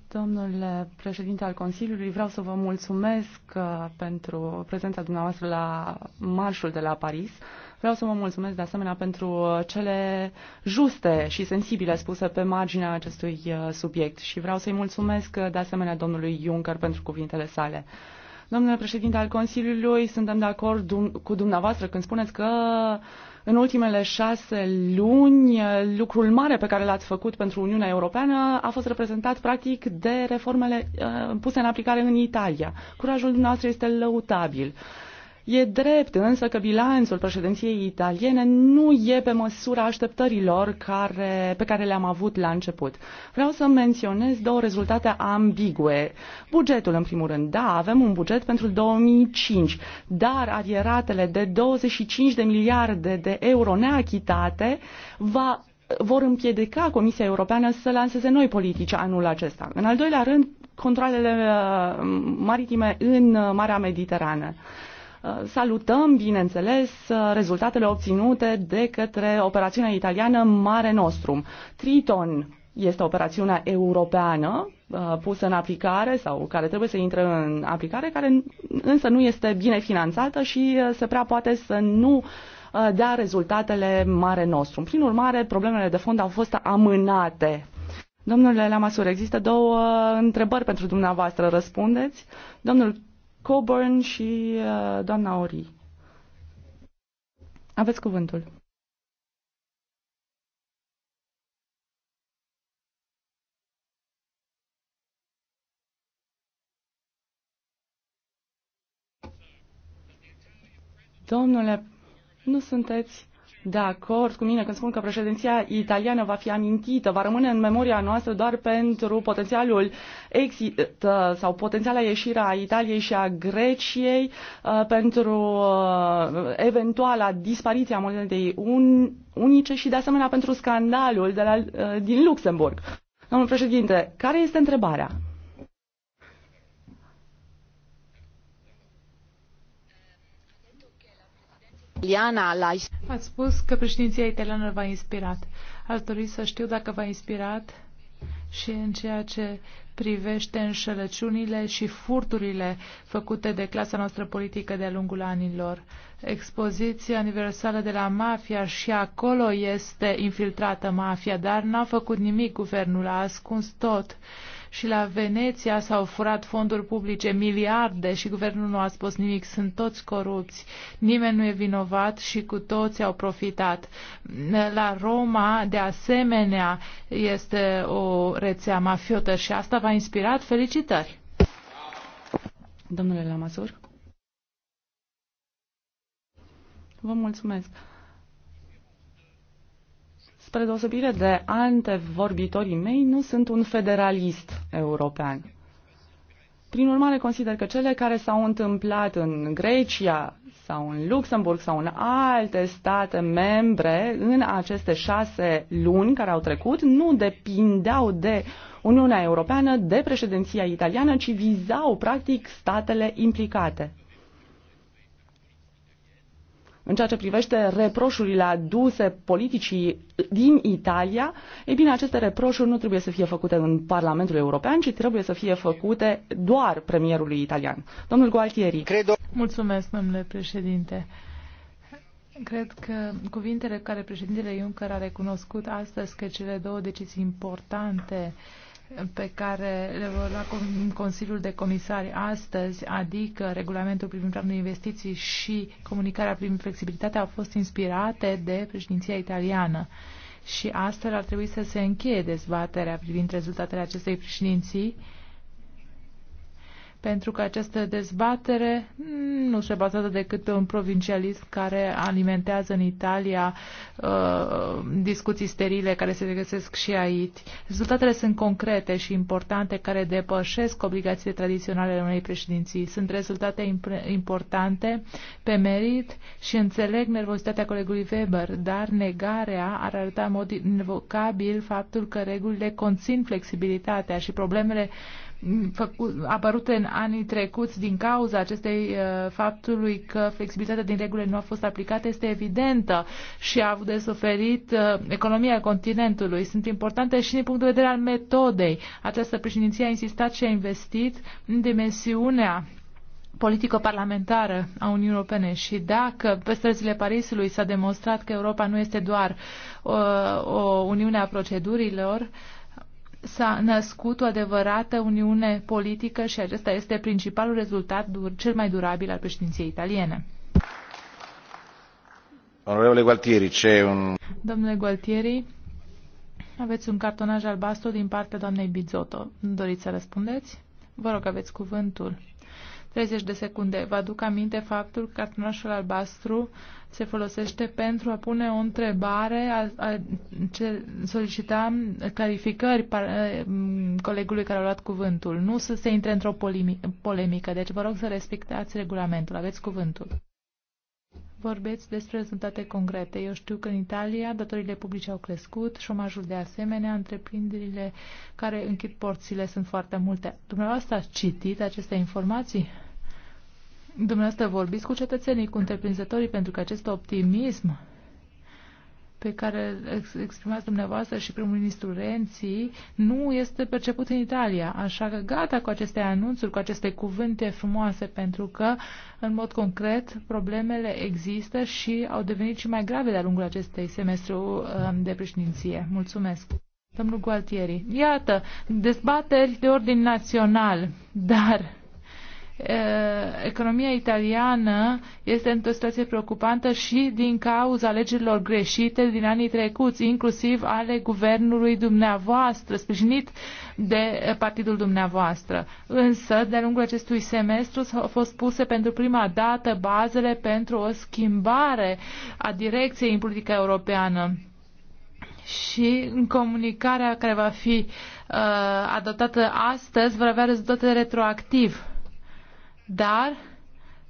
Domnule președinte al Consiliului, vreau să vă mulțumesc uh, pentru prezența dumneavoastră la marșul de la Paris. Vreau să vă mulțumesc de asemenea pentru uh, cele juste și sensibile spuse pe marginea acestui uh, subiect și vreau să-i mulțumesc de asemenea domnului Juncker pentru cuvintele sale. Domnule președinte al Consiliului, suntem de acord cu dumneavoastră când spuneți că în ultimele șase luni, lucrul mare pe care l-ați făcut pentru Uniunea Europeană a fost reprezentat practic de reformele uh, puse în aplicare în Italia. Curajul dumneavoastră este lăutabil. Uh, E drept însă că bilanțul președinției italiene nu e pe măsura așteptărilor care, pe care le-am avut la început. Vreau să menționez două rezultate ambigue. Bugetul, în primul rând. Da, avem un buget pentru 2005, dar arieratele de 25 de miliarde de euro neachitate va vor împiedica Comisia Europeană să lanseze noi politici anul acesta. În al doilea rând, controlele uh, maritime în uh, Marea Mediterană. Salutăm, bineînțeles, rezultatele obținute de către operațiunea italiană Mare Nostrum. Triton este operațiunea europeană uh, pusă în aplicare sau care trebuie să intre în aplicare, care însă nu este bine finanțată și uh, se prea poate să nu uh, dea rezultatele Mare Nostrum. Prin urmare, problemele de fond au fost amânate Domnule Lamasur, există două întrebări pentru dumneavoastră. Răspundeți. Domnul Coburn și uh, doamna Ori. Aveți cuvântul. Domnule, nu sunteți de acord cu mine când spun că președinția italiană va fi amintită, va rămâne în memoria noastră doar pentru potențialul exit sau potențiala ieșire a Italiei și a Greciei, ă, pentru ă, eventuala dispariție a monedei unice și de asemenea pentru scandalul de la, ă, din Luxemburg. Domnul președinte, care este întrebarea? Ați spus că președinția italiană v-a inspirat. Aș dori să știu dacă v-a inspirat și în ceea ce privește înșelăciunile și furturile făcute de clasa noastră politică de-a lungul anilor. Expoziția universală de la mafia și acolo este infiltrată mafia, dar n-a făcut nimic guvernul, a ascuns tot și la Veneția s-au furat fonduri publice miliarde și guvernul nu a spus nimic. Sunt toți corupți, nimeni nu e vinovat și cu toți au profitat. La Roma, de asemenea, este o rețea mafiotă și asta v-a inspirat. Felicitări! Domnule Lamazur Vă mulțumesc spre deosebire de vorbitorii mei, nu sunt un federalist european. Prin urmare, consider că cele care s-au întâmplat în Grecia sau în Luxemburg sau în alte state membre în aceste șase luni care au trecut nu depindeau de Uniunea Europeană, de președinția italiană, ci vizau practic statele implicate în ceea ce privește reproșurile aduse politicii din Italia, ei bine, aceste reproșuri nu trebuie să fie făcute în Parlamentul European, ci trebuie să fie făcute doar premierului italian. Domnul Gualtieri. Credo. Mulțumesc, domnule președinte. Cred că cuvintele care președintele Juncker a recunoscut astăzi că cele două decizii importante uh, pe care le vor lua Consiliul de Comisari astăzi, adică regulamentul privind planul de investiții și comunicarea privind flexibilitatea, au fost inspirate de președinția italiană. Și astfel ar trebui să se încheie dezbaterea privind rezultatele acestei președinții pentru că această dezbatere nu se bazează decât pe un provincialism care alimentează în Italia uh, discuții sterile care se regăsesc și aici. Rezultatele sunt concrete și importante care depășesc obligațiile tradiționale ale unei președinții. Sunt rezultate importante pe merit și înțeleg nervozitatea colegului Weber, dar negarea ar arăta în mod invocabil faptul că regulile conțin flexibilitatea și problemele uh, făcu, apărute în anii trecuți din cauza acestei uh, faptului că flexibilitatea din regulile nu a fost aplicată este evidentă și a avut de suferit uh, economia continentului. Sunt importante și din punct de vedere al metodei. Această președinție a insistat și a investit în dimensiunea politico-parlamentară a Uniunii Europene și dacă pe străzile Parisului s-a demonstrat că Europa nu este doar uh, o Uniune a procedurilor, uh, s-a născut o adevărată uniune politică și acesta este principalul rezultat cel mai durabil al președinției italiene. Onorevole Gualtieri, ce un... Domnule Gualtieri, aveți un cartonaj albastru din partea doamnei Bizotto. Doriți să răspundeți? Vă rog, aveți cuvântul. 30 de secunde. Vă aduc aminte faptul că cartonașul albastru se folosește pentru a pune o întrebare, a, a ce, solicita clarificări par, colegului care a luat cuvântul, nu să se intre într-o polemică. Deci vă rog să respectați regulamentul, aveți cuvântul. Vorbeți despre rezultate concrete. Eu știu că în Italia datorile publice au crescut, șomajul de asemenea, întreprinderile care închid porțile sunt foarte multe. Dumneavoastră ați citit aceste informații? Dumneavoastră vorbiți cu cetățenii, cu întreprinzătorii, pentru că acest optimism pe care îl exprimați dumneavoastră și primul ministru Renzi nu este perceput în Italia. Așa că gata cu aceste anunțuri, cu aceste cuvinte frumoase, pentru că, în mod concret, problemele există și au devenit și mai grave de-a lungul acestei semestru um, de președinție. Mulțumesc! Domnul Gualtieri, iată, dezbateri de ordin național, dar Eh, economia italiană este într-o situație preocupantă și din cauza alegerilor greșite din anii trecuți, inclusiv ale guvernului dumneavoastră, sprijinit de partidul dumneavoastră. Însă, de-a lungul acestui semestru au fost puse pentru prima dată bazele pentru o schimbare a direcției în politica europeană și în comunicarea care va fi uh, adoptată astăzi vor avea rezultate retroactiv dar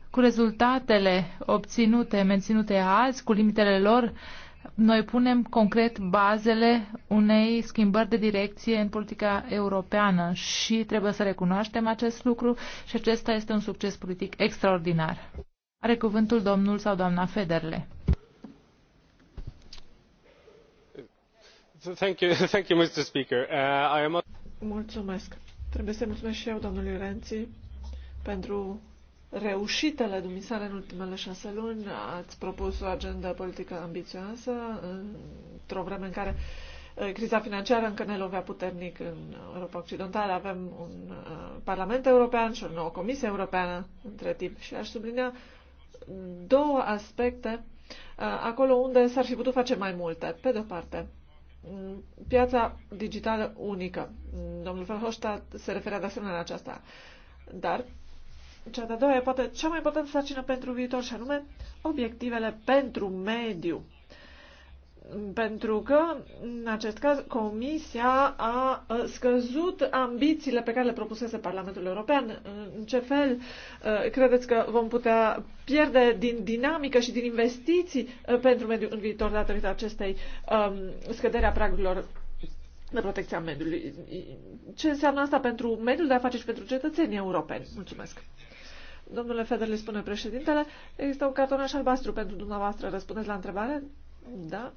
cu rezultatele obținute, menținute azi, cu limitele lor, noi punem concret bazele unei schimbări de direcție în politica europeană și trebuie să recunoaștem acest lucru și acesta este un succes politic extraordinar. Are cuvântul domnul sau doamna Federle. Thank you, thank you, Mr. Speaker. Uh, I am... Mulțumesc. Trebuie să mulțumesc și eu, domnului Renzi, pentru reușitele dumisale în ultimele șase luni. Ați propus o agendă politică ambițioasă într-o vreme în care eh, criza financiară încă ne lovea puternic în Europa Occidentală. Avem un eh, Parlament European și o nouă Comisie Europeană între timp și aș sublinea două aspecte eh, acolo unde s-ar fi putut face mai multe. Pe de-o parte, piața digitală unică. Domnul Verhofstadt se referea de asemenea la aceasta. Dar cea de-a doua e poate cea mai importantă sarcină pentru viitor și anume obiectivele pentru mediu. Pentru că, în acest caz, Comisia a scăzut ambițiile pe care le propusese Parlamentul European. În ce fel credeți că vom putea pierde din dinamică și din investiții pentru mediu în viitor datorită acestei scăderi a pragurilor de protecția mediului. Ce înseamnă asta pentru mediul de afaceri și pentru cetățenii europeni? Mulțumesc! Domnule Federle, spune președintele, există un cartonaș albastru pentru dumneavoastră. Răspundeți la întrebare? Da.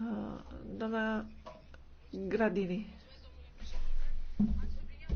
Uh, doamna Gradini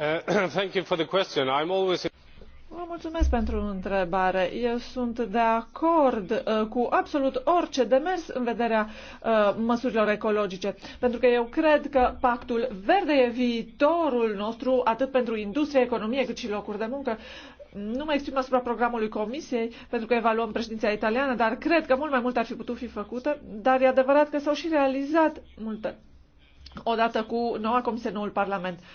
Uh, mulțumesc pentru întrebare. Eu sunt de acord uh, cu absolut orice demers în vederea uh, măsurilor ecologice, pentru că eu cred că pactul verde e viitorul nostru, atât pentru industrie, economie, cât și locuri de muncă. Nu mă exprim asupra programului Comisiei, pentru că evaluăm președinția italiană, dar cred că mult mai mult ar fi putut fi făcută, dar e adevărat că s-au și realizat multe odată cu noua Comisie, noul Parlament. Uh,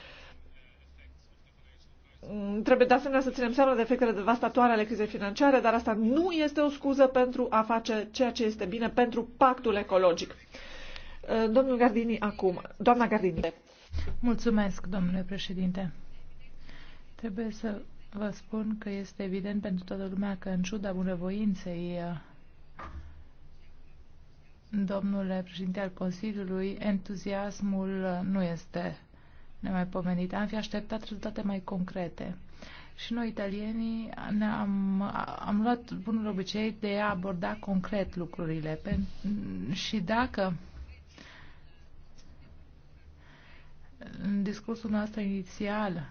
Mm, trebuie de asemenea să ținem seama de efectele devastatoare ale crizei financiare, dar asta nu este o scuză pentru a face ceea ce este bine pentru pactul ecologic. Uh, domnul Gardini, acum. Doamna Gardini. Mulțumesc, domnule președinte. Trebuie să vă spun că este evident pentru toată lumea că, în ciuda bunăvoinței uh, domnule președinte al Consiliului, entuziasmul nu este nemaipomenit. Am fi așteptat rezultate mai concrete. Și noi, italienii, am am luat bunul obicei de a aborda concret lucrurile. Pe, și dacă în discursul nostru inițial,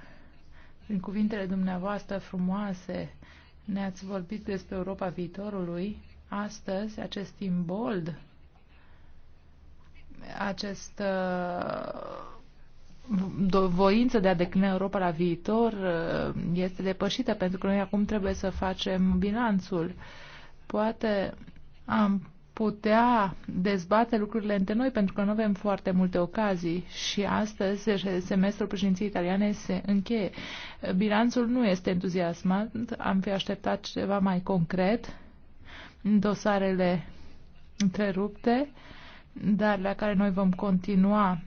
prin cuvintele dumneavoastră frumoase, ne-ați vorbit despre Europa viitorului, astăzi acest imbold, acest uh, voință de a declina Europa la viitor uh, este depășită, pentru că noi acum trebuie să facem bilanțul. Poate am putea dezbate lucrurile între noi, pentru că nu avem foarte multe ocazii și astăzi semestrul președinției italiane se încheie. Bilanțul nu este entuziasmant, am fi așteptat ceva mai concret în dosarele întrerupte, dar la care noi vom continua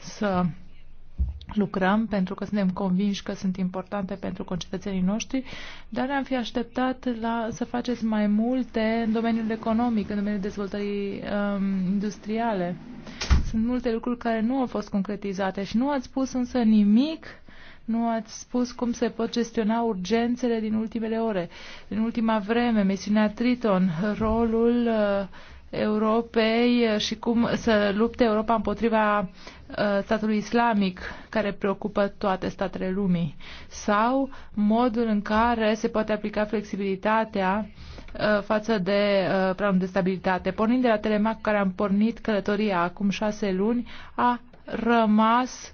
să lucrăm pentru că suntem convinși că sunt importante pentru concetățenii noștri, dar ne-am fi așteptat la, să faceți mai multe în domeniul economic, în domeniul dezvoltării um, industriale. Sunt multe lucruri care nu au fost concretizate și nu ați spus însă nimic, nu ați spus cum se pot gestiona urgențele din ultimele ore, din ultima vreme, misiunea Triton, rolul uh, Europei și cum să lupte Europa împotriva Uh, statului islamic care preocupă toate statele lumii sau modul în care se poate aplica flexibilitatea uh, față de uh, planul de stabilitate. Pornind de la Telemac, care am pornit călătoria acum șase luni, a rămas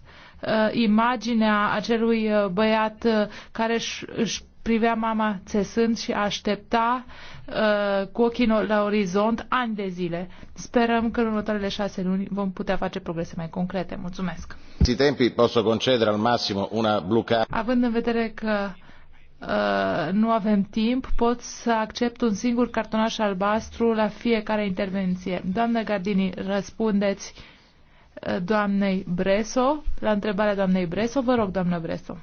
imaginea acelui băiat care își, își privea mama țesând și aștepta uh, cu ochii la orizont ani de zile. Sperăm că în următoarele șase luni vom putea face progrese mai concrete. Mulțumesc! Tempi posso concedere al massimo una blue Având în vedere că uh, nu avem timp, pot să accept un singur cartonaș albastru la fiecare intervenție. Doamnă Gardini, răspundeți uh, doamnei Breso, la întrebarea doamnei Breso. Vă rog, doamnă Breso.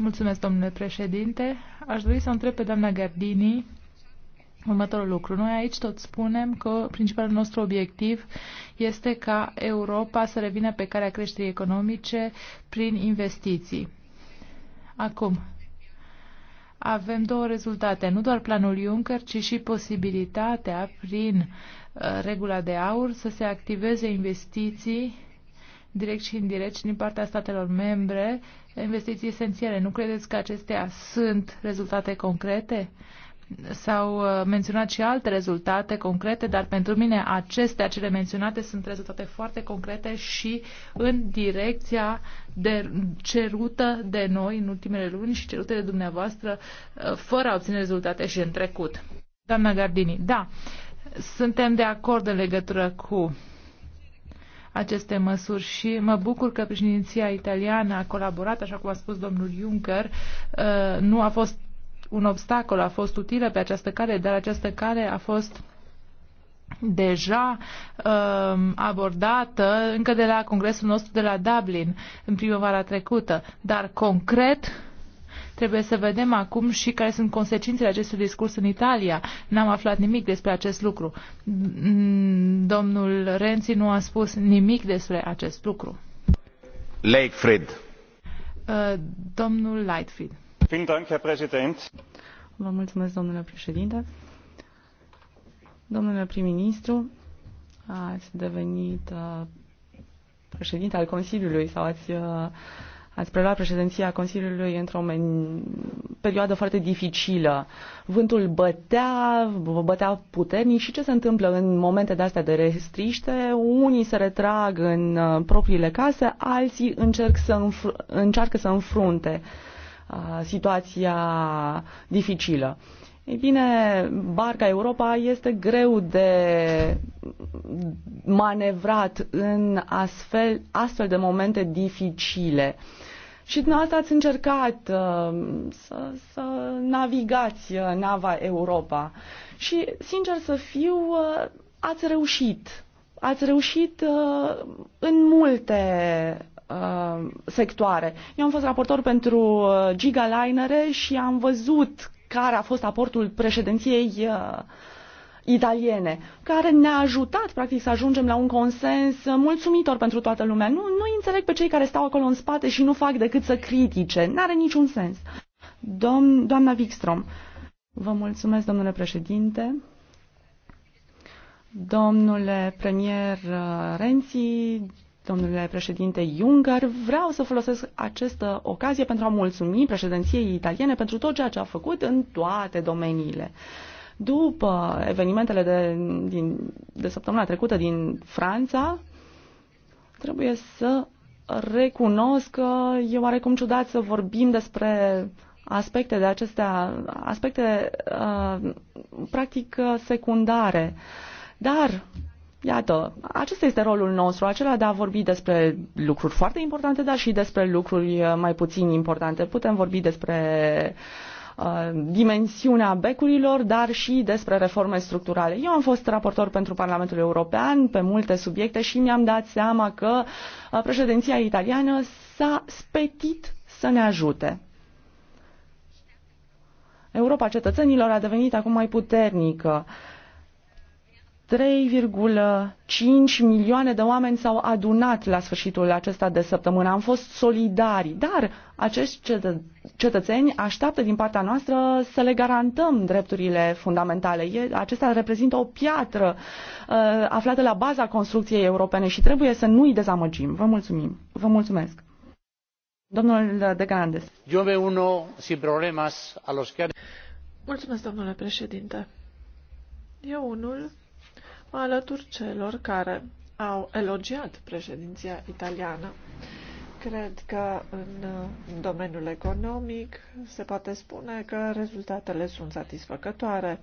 Mulțumesc, domnule președinte. Aș dori să întreb pe doamna Gardini următorul lucru. Noi aici tot spunem că principalul nostru obiectiv este ca Europa să revină pe calea creșterii economice prin investiții. Acum, avem două rezultate, nu doar planul Juncker, ci și posibilitatea prin uh, regula de aur să se activeze investiții direct și indirect și din partea statelor membre investiții esențiale. Nu credeți că acestea sunt rezultate concrete? S-au uh, menționat și alte rezultate concrete, dar pentru mine acestea, cele menționate, sunt rezultate foarte concrete și în direcția de, cerută de noi în ultimele luni și cerute de dumneavoastră, uh, fără a obține rezultate și în trecut. Doamna Gardini, da, suntem de acord în legătură cu aceste măsuri și mă bucur că președinția italiană a colaborat, așa cum a spus domnul Juncker, uh, nu a fost un obstacol, a fost utilă pe această cale, dar această cale a fost deja um, abordată încă de la congresul nostru de la Dublin în primăvara trecută, dar concret Trebuie să vedem acum și care sunt consecințele acestui discurs în Italia. N-am aflat nimic despre acest lucru. Mm, domnul Renzi nu a spus nimic despre acest lucru. Leitfried. Uh, domnul Leitfried. Vă mulțumesc, domnule președinte. Domnule prim-ministru, ați devenit uh, președinte al Consiliului sau ați uh, Ați preluat președinția Consiliului într-o perioadă foarte dificilă. Vântul bătea, bătea puternic și ce se întâmplă în momente de astea de restriște? Unii se retrag în uh, propriile case, alții încerc să înfr- încearcă să înfrunte uh, situația dificilă. Ei bine, barca Europa este greu de manevrat în astfel, astfel de momente dificile. Și dumneavoastră ați încercat uh, să, să navigați uh, nava Europa și, sincer să fiu, uh, ați reușit. Ați reușit uh, în multe uh, sectoare. Eu am fost raportor pentru uh, Linere și am văzut care a fost aportul președinției uh, italiene, care ne-a ajutat, practic, să ajungem la un consens mulțumitor pentru toată lumea. Nu, nu înțeleg pe cei care stau acolo în spate și nu fac decât să critique. N-are niciun sens. Domn, doamna Wikstrom, vă mulțumesc, domnule președinte. Domnule premier uh, Renzi, domnule președinte Juncker, vreau să folosesc această ocazie pentru a mulțumi președinției italiene pentru tot ceea ce a făcut în toate domeniile. Uh, după evenimentele de, din, de săptămâna trecută din Franța, trebuie să recunosc că e oarecum ciudat să vorbim despre aspecte de acestea, aspecte uh, practic uh, secundare. Dar, iată, acesta este rolul nostru, acela de a vorbi despre lucruri foarte importante, dar și despre lucruri uh, mai puțin importante. Putem vorbi despre uh, Uh, dimensiunea becurilor, dar și despre reforme structurale. Eu am fost raportor pentru Parlamentul European pe multe subiecte și mi-am dat seama că uh, președinția italiană s-a spetit să ne ajute. Europa cetățenilor a devenit acum mai puternică. Uh, 3,5 milioane de oameni s-au adunat la sfârșitul acesta de săptămână. Am fost solidari, dar acești cetă- cetățeni așteaptă din partea noastră să le garantăm drepturile fundamentale. E, acesta reprezintă o piatră uh, aflată la baza construcției europene și trebuie să nu-i dezamăgim. Vă mulțumim. Vă mulțumesc. Domnul de Grandes. Eu veo uno sin problemas a los que... Mulțumesc, domnule președinte. Eu unul Alături celor care au elogiat președinția italiană. Cred că în domeniul economic se poate spune că rezultatele sunt satisfăcătoare.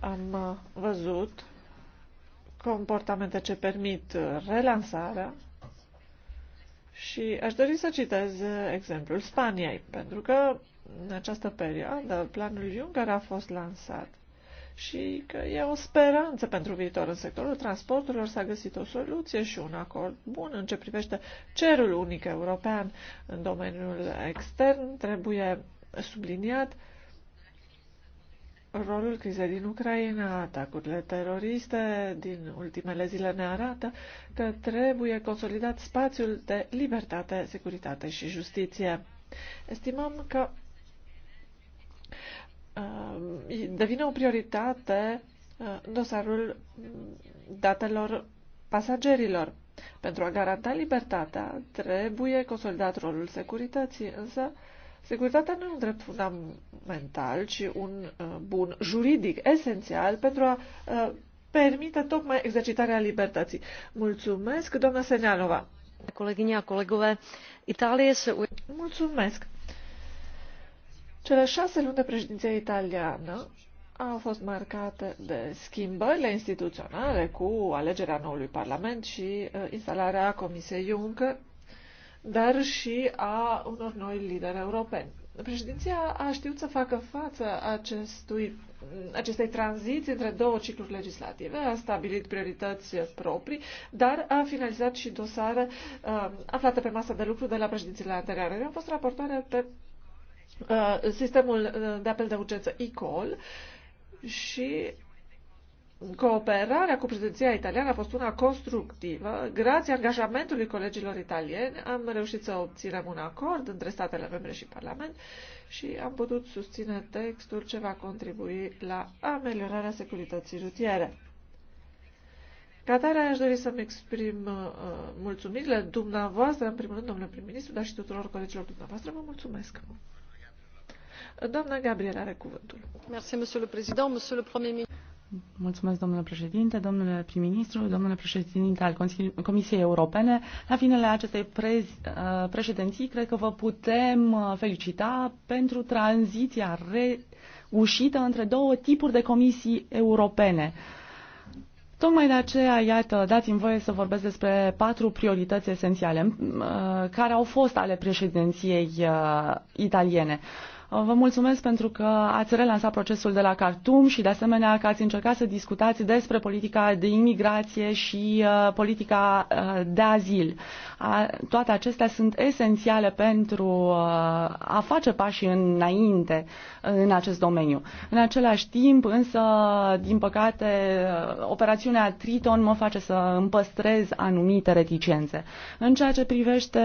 Am văzut comportamente ce permit relansarea și aș dori să citez exemplul Spaniei, pentru că în această perioadă planul Juncker a fost lansat și că e o speranță pentru viitor. În sectorul transporturilor s-a găsit o soluție și un acord bun în ce privește cerul unic european în domeniul extern. Trebuie subliniat rolul crizei din Ucraina, atacurile teroriste din ultimele zile ne arată că trebuie consolidat spațiul de libertate, securitate și justiție. Estimăm că Ehm, devine o prioritate eh, dosarul datelor pasagerilor. Pentru a garanta libertatea, trebuie consolidat rolul securității, însă securitatea nu e un drept fundamental, ci un eh, bun juridic esențial pentru a eh, permite tocmai exercitarea libertății. Mulțumesc, doamna Senealova. Colegiunea, colegove, se... Mulțumesc. Cele șase luni de președinție italiană au fost marcate de schimbările instituționale cu alegerea noului Parlament și uh, instalarea Comisiei Juncker, dar și a unor noi lideri europeni. Președinția a știut să facă față acestui, acestei tranziții între două cicluri legislative, a stabilit priorități proprii, dar a finalizat și dosare uh, aflate pe masa de lucru de la președințiile anterioare. Eu am fost raportoare pe Uh, sistemul uh, de apel de urgență e-call și Cooperarea cu prezenția italiană a fost una constructivă. Grație angajamentului colegilor italieni am reușit să obținem un acord între statele membre și Parlament și am putut susține textul ce va contribui la ameliorarea securității rutiere. Ca tare, aș dori să-mi exprim uh, mulțumirile dumneavoastră, în primul rând, domnule prim-ministru, dar și tuturor colegilor dumneavoastră. Vă mulțumesc! Doamna Gabriel are cuvântul. monsieur le président, monsieur le premier Mulțumesc, domnule președinte, domnule prim-ministru, domnule președinte al Comisiei Europene. La finele acestei prez- uh, președinții, cred că vă putem uh, felicita pentru tranziția reușită între două tipuri de comisii europene. Tocmai de aceea, iată, dați-mi voie să vorbesc despre patru priorități esențiale uh, care au fost ale președinției italiene. Vă mulțumesc pentru că ați relansat procesul de la Khartoum și de asemenea că ați încercat să discutați despre politica de imigrație și uh, politica uh, de azil. Toate acestea sunt esențiale pentru uh, a face pași înainte în acest domeniu. În același timp, însă, din păcate, operațiunea Triton mă face să împăstrez anumite reticențe. În ceea ce privește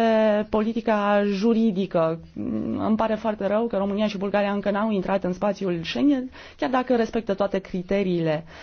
politica juridică, îmi pare foarte rău că România România și Bulgaria încă n-au intrat în spațiul Schengen, chiar dacă respectă toate criteriile uh,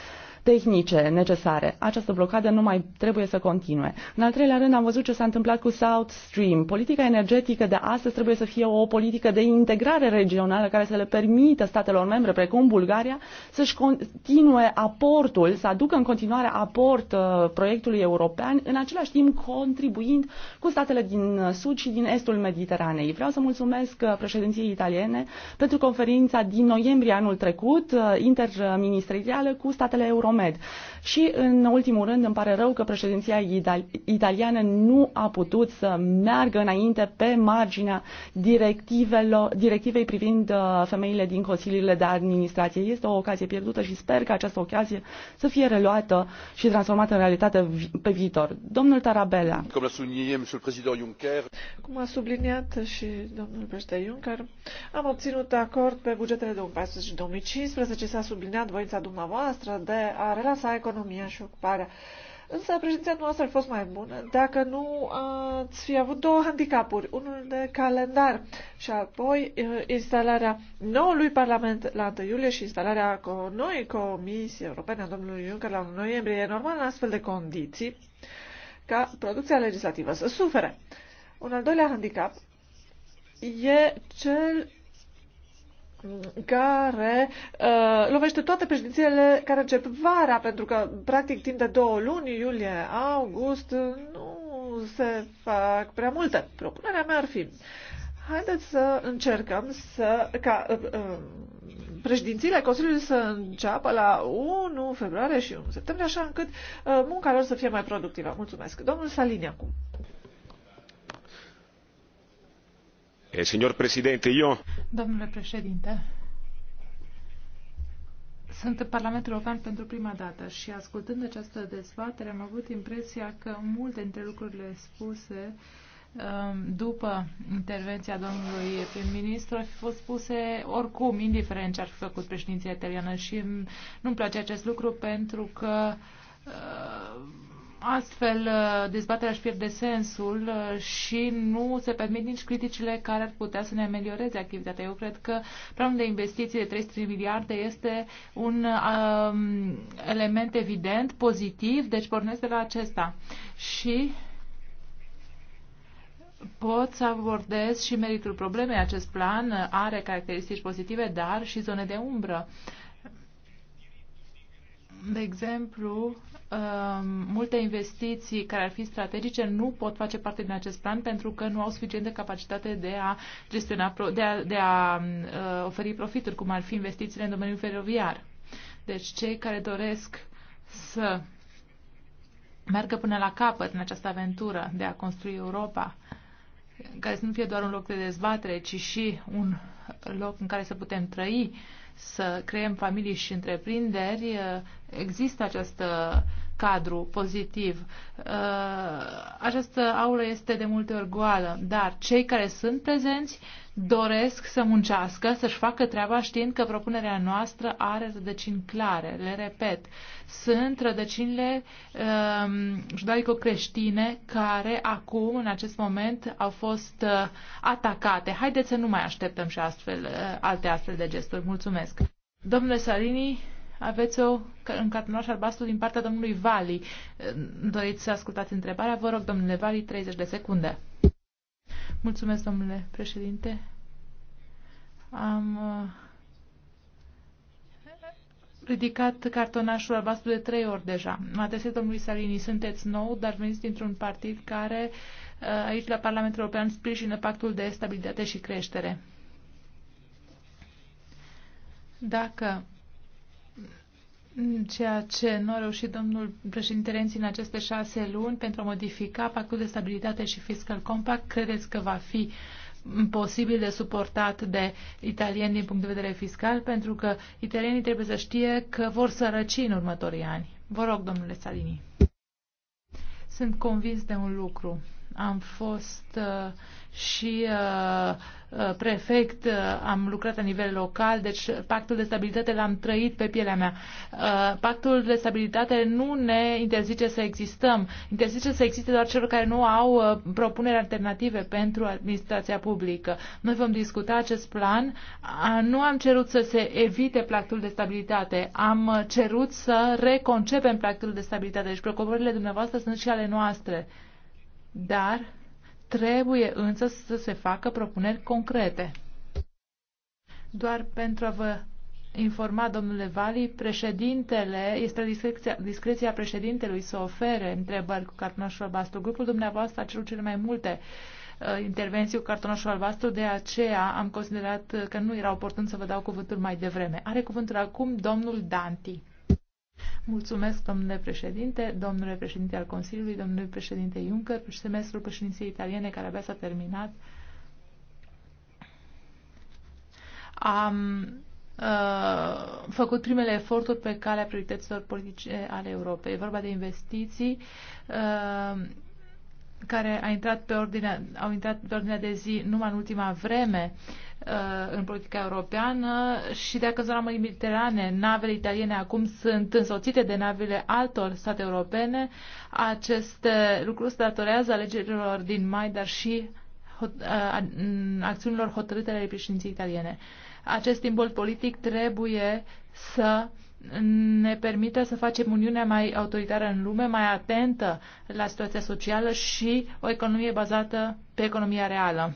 tehnice necesare. Această blocadă nu mai trebuie să continue. În al treilea rând am văzut ce s-a întâmplat cu South Stream. Politica energetică de astăzi trebuie să fie o politică de integrare regională care să le permită statelor membre, precum Bulgaria, să-și continue aportul, să aducă în continuare aport uh, proiectului european, în același timp contribuind cu statele din sud și din estul Mediteranei. Vreau să mulțumesc uh, președinției italiene pentru conferința din noiembrie anul trecut, uh, interministerială cu statele europene Mohamed. Și, în ultimul rând, îmi pare rău că președinția italiană nu a putut să meargă înainte pe marginea directivei privind uh, femeile din consiliile de administrație. Este o ocazie pierdută și sper că această ocazie să fie reluată și transformată în realitate pe viitor. Domnul Tarabella. Cum a subliniat și domnul președinte Juncker, am obținut acord pe bugetele 2014 și 2015. S-a subliniat voința dumneavoastră de a relansa economia economia și ocuparea. Însă președinția noastră ar fost mai bună dacă nu ați fi avut două handicapuri, unul de calendar și apoi instalarea noului Parlament la 1 iulie și instalarea noi comisii europene a domnului Juncker la 1 noiembrie. E normal în astfel de condiții ca producția legislativă să sufere. Un al doilea handicap e cel care uh, lovește toate președințiile care încep vara, pentru că, practic, timp de două luni, iulie, august, nu se fac prea multe. Propunerea mea ar fi, haideți să încercăm să, ca uh, uh, președințiile Consiliului să înceapă la 1 februarie și 1 septembrie, așa încât uh, munca lor să fie mai productivă. Mulțumesc. Domnul Salini acum. Eh, Domnule președinte, sunt în Parlamentul European pentru prima dată și ascultând această dezbatere am avut impresia că multe dintre lucrurile spuse um, după intervenția domnului prim-ministru au fost spuse oricum, indiferent ce ar fi făcut președinția italiană și nu-mi place acest lucru pentru că uh, Astfel, uh, dezbaterea își pierde sensul uh, și nu se permit nici criticile care ar putea să ne amelioreze activitatea. Eu cred că planul de investiții de 300 miliarde este un um, element evident, pozitiv, deci pornesc de la acesta. Și pot să abordez și meritul problemei. Acest plan are caracteristici pozitive, dar și zone de umbră. De exemplu, Um, multe investiții care ar fi strategice nu pot face parte din acest plan pentru că nu au suficientă capacitate de a gestiona, de a, de a um, uh, oferi profituri, cum ar fi investițiile în domeniul feroviar. Deci cei care doresc să meargă până la capăt în această aventură de a construi Europa, care să nu fie doar un loc de dezbatere, ci și un loc în care să putem trăi, să creăm familii și întreprinderi, uh, există această uh, cadru pozitiv. Uh, această aulă este de multe ori goală, dar cei care sunt prezenți doresc să muncească, să-și facă treaba știind că propunerea noastră are rădăcini clare. Le repet, sunt rădăcinile um, judaico-creștine care acum, în acest moment, au fost uh, atacate. Haideți să nu mai așteptăm și astfel, uh, alte astfel de gesturi. Mulțumesc! Domnule Salini, aveți o în cartonaș albastru din partea domnului Vali. Doriți să ascultați întrebarea? Vă rog, domnule Vali, 30 de secunde. Mulțumesc, domnule președinte. Am uh, ridicat cartonașul albastru de trei ori deja. Mă adresez domnului Salini, sunteți nou, dar veniți dintr-un partid care uh, aici la Parlamentul European sprijină pactul de stabilitate și creștere. Dacă ceea ce nu a reușit domnul președinte Renzi în aceste șase luni pentru a modifica pactul de stabilitate și fiscal compact, credeți că va fi posibil de suportat de italieni din punct de vedere fiscal, pentru că italienii trebuie să știe că vor sărăci în următorii ani. Vă rog, domnule Salini. Sunt convins de un lucru am fost uh, și uh, uh, prefect, am lucrat la nivel local, deci pactul de stabilitate l-am trăit pe pielea mea. Pactul de stabilitate nu ne interzice să existăm, interzice să existe doar celor care nu au propuneri alternative pentru administrația publică. Noi vom discuta acest plan. Nu am cerut să se evite pactul de stabilitate, am cerut să reconcepem pactul de stabilitate, deci preocupările dumneavoastră sunt și ale noastre dar trebuie însă să se facă propuneri concrete. Doar pentru a vă informa, domnule Vali, președintele, este discreția, discreția președintelui să ofere întrebări cu cartonașul albastru. Grupul dumneavoastră a cerut cele mai multe uh, intervenții cu cartonașul albastru, de aceea am considerat că nu era oportun să vă dau cuvântul mai devreme. Are cuvântul acum domnul Danti. Mulțumesc, domnule președinte, domnule președinte al Consiliului, domnule președinte Juncker, semestrul președinției italiene care abia s-a terminat. Am uh, făcut primele eforturi pe calea priorităților politice ale Europei. E vorba de investiții uh, care a intrat pe ordinea, au intrat pe ordinea de zi numai în ultima vreme. Uh, Uh, în politica europeană și dacă în zona mediterane navele italiene acum sunt însoțite de navele altor state europene, aceste lucruri se datorează alegerilor din mai, dar și uh, acțiunilor hotărâte ale președinției italiene. Acest simbol politic trebuie să ne permită să facem Uniunea mai autoritară în lume, mai atentă la situația socială și o economie bazată pe economia reală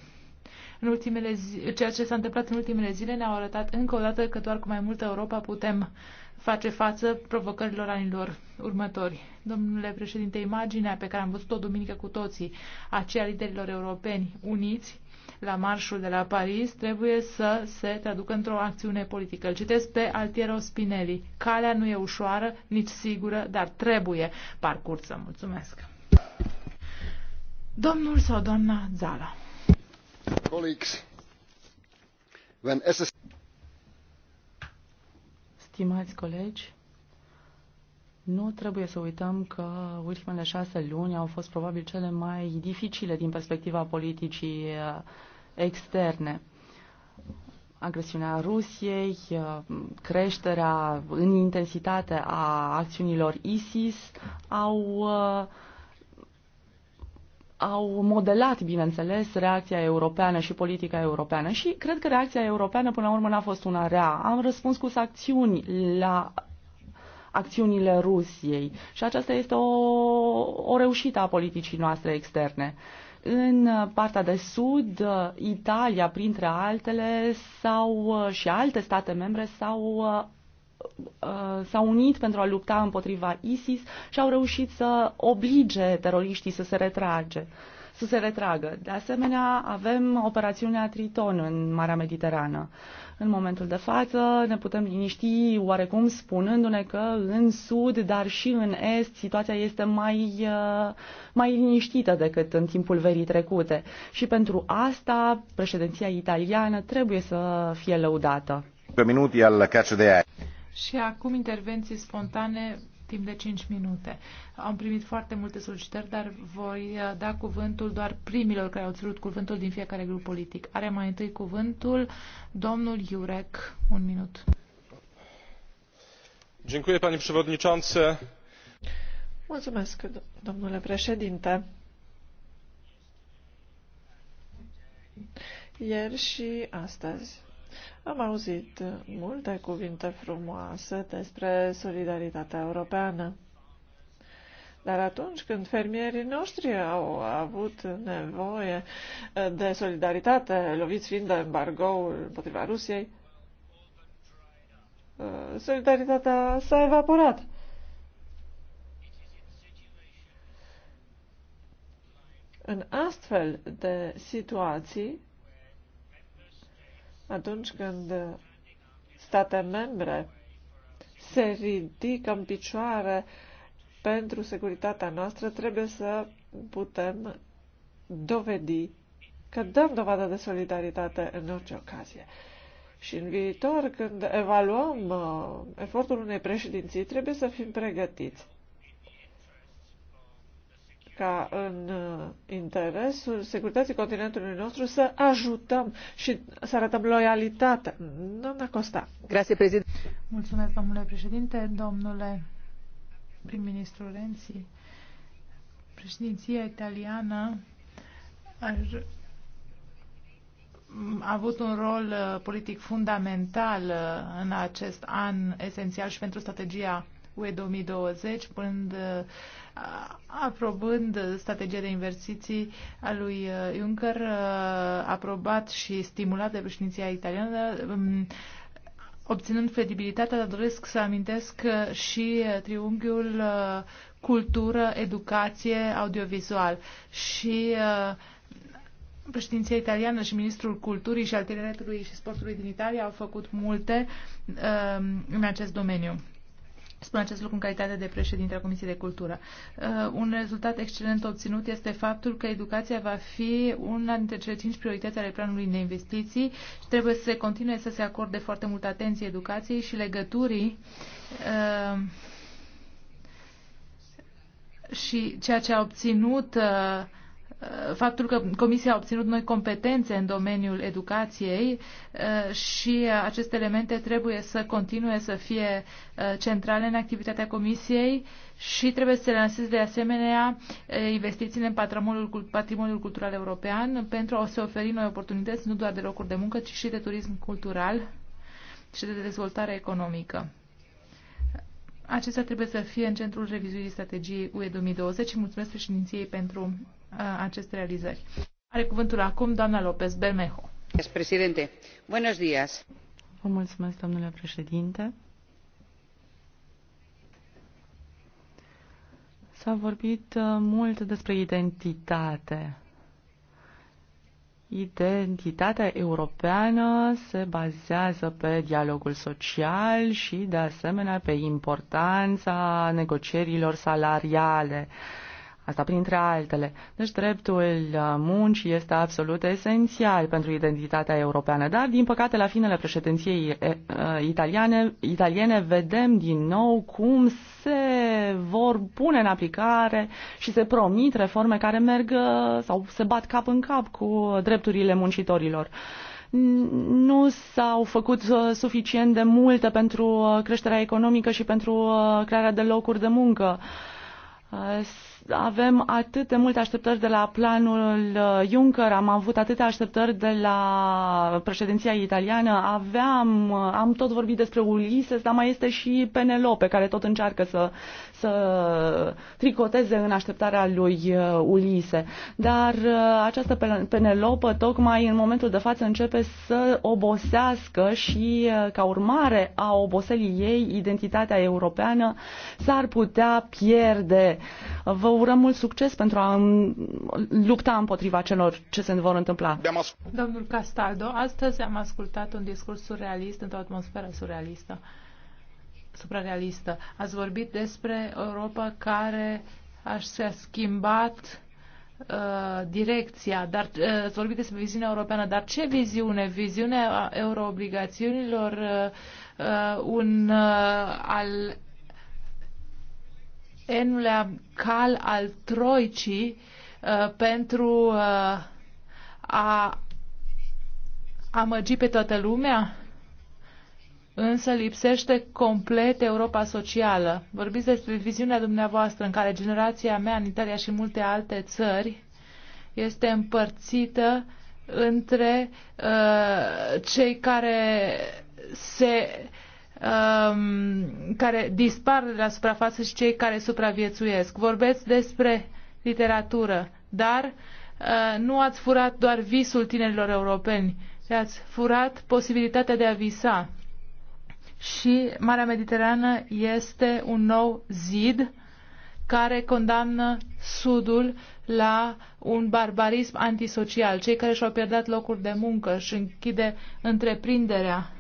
în ultimele zi, ceea ce s-a întâmplat în ultimele zile ne-au arătat încă o dată că doar cu mai multă Europa putem face față provocărilor anilor următori. Domnule președinte, imaginea pe care am văzut-o duminică cu toții, aceea liderilor europeni uniți, la marșul de la Paris trebuie să se traducă într-o acțiune politică. Îl citesc pe Altiero Spinelli. Calea nu e ușoară, nici sigură, dar trebuie parcursă. Mulțumesc! Domnul sau doamna Zala. Stimați colegi, nu trebuie să uităm că ultimele șase luni au fost probabil cele mai dificile din perspectiva politicii uh, externe. Agresiunea Rusiei, uh, creșterea în intensitate a acțiunilor ISIS au uh, au modelat, bineînțeles, reacția europeană și politica europeană și cred că reacția europeană până la urmă n-a fost una rea. Am răspuns cu sancțiuni la acțiunile Rusiei și aceasta este o, o reușită a politicii noastre externe. În partea de sud, Italia, printre altele, sau și alte state membre s-au Uh, s-au unit pentru a lupta împotriva ISIS și au reușit să oblige teroriștii să se retrage să se retragă. De asemenea, avem operațiunea Triton în Marea Mediterană. În momentul de față ne putem liniști oarecum spunându-ne că în sud, dar și în est, situația este mai, uh, mai liniștită decât în timpul verii trecute. Și pentru asta, președinția italiană trebuie să fie lăudată. Pe minute al catch de aia. Și acum intervenții spontane timp de 5 minute. Am primit foarte multe solicitări, dar voi uh, da cuvântul doar primilor care au ținut cuvântul din fiecare grup politic. Are mai întâi cuvântul domnul Iurec. Un minut. Dziękuję, panie przewodniczący. Mulțumesc, domnule președinte. Ieri și astăzi am auzit multe cuvinte frumoase despre solidaritatea europeană. Dar atunci când fermierii noștri au avut nevoie de solidaritate, loviți fiind de embargoul împotriva Rusiei, solidaritatea s-a evaporat. În astfel de situații, atunci când state membre se ridică în picioare pentru securitatea noastră, trebuie să putem dovedi că dăm dovadă de solidaritate în orice ocazie. Și în viitor, când evaluăm uh, efortul unei președinții, trebuie să fim pregătiți ca în uh, interesul securității continentului nostru să ajutăm și să arătăm loialitate. Doamna Costa. Grazie, președinte. Mulțumesc, domnule președinte, domnule prim-ministru Renzi. Președinția italiană a avut un rol uh, politic fundamental uh, în acest an esențial și pentru strategia UE 2020, până aprobând strategia de investiții a lui uh, Juncker, uh, aprobat și stimulat de președinția italiană, um, obținând credibilitatea, dar doresc să amintesc uh, și triunghiul cultură, educație, audiovizual. Și președinția italiană și ministrul culturii și al tineretului și sportului din Italia au făcut multe în acest domeniu spun acest lucru în calitate de președinte a Comisiei de Cultură. Uh, un rezultat excelent obținut este faptul că educația va fi una dintre cele cinci priorități ale planului de investiții și trebuie să se continue să se acorde foarte multă atenție educației și legăturii uh, și ceea ce a obținut uh, faptul că Comisia a obținut noi competențe în domeniul educației uh, și aceste elemente trebuie să continue să fie uh, centrale în activitatea Comisiei și trebuie să se lanseze de asemenea uh, investițiile în patrimoniul, patrimoniul cultural european pentru a se oferi noi oportunități nu doar de locuri de muncă, ci și de turism cultural și de dezvoltare economică. Acesta trebuie să fie în centrul revizuirii strategiei UE 2020 și mulțumesc președinției pentru aceste realizări. Are cuvântul acum doamna López Bermejo. Presidente, buenos días. Vă mulțumesc, domnule președinte. S-a vorbit uh, mult despre identitate. Identitatea europeană se bazează pe dialogul social și, de asemenea, pe importanța negocierilor salariale. Uh, Asta printre altele. Deci dreptul uh, muncii este absolut esențial pentru identitatea europeană, dar din păcate la finele președinției italiane, italiene vedem din nou cum se vor pune în aplicare și se promit reforme care merg uh, sau se bat cap în cap cu drepturile muncitorilor nu s-au făcut uh, suficient de multe pentru creșterea economică și pentru crearea de locuri de muncă avem atât de multe așteptări de la planul uh, Juncker, am avut atâtea așteptări de la președinția italiană, aveam, uh, am tot vorbit despre Ulises, dar mai este și Penelope, care tot încearcă să, să tricoteze în așteptarea lui uh, Ulise. Dar uh, această Penelopă tocmai în momentul de față începe să obosească și uh, ca urmare a oboselii ei, identitatea europeană s-ar putea pierde. Vă urăm mult succes pentru a um, lupta împotriva celor ce se vor întâmpla. Domnul Castaldo, astăzi am ascultat un discurs surrealist într-o atmosferă surrealistă suprarealistă. Ați vorbit despre Europa care și-a schimbat uh, direcția, dar uh, ați vorbit despre viziunea europeană, dar ce viziune? Viziunea euroobligațiunilor, uh, uh un uh, al enulea cal al troicii uh, pentru a amăgi pe toată lumea? însă lipsește complet Europa socială. Vorbiți despre viziunea dumneavoastră în care generația mea în Italia și multe alte țări este împărțită între uh, cei care se um, care dispar de la suprafață și cei care supraviețuiesc. Vorbeți despre literatură, dar uh, nu ați furat doar visul tinerilor europeni, le-ați furat posibilitatea de a visa și Marea Mediterană este un nou zid care condamnă Sudul la un barbarism antisocial. Cei care și-au pierdut locuri de muncă și închide întreprinderea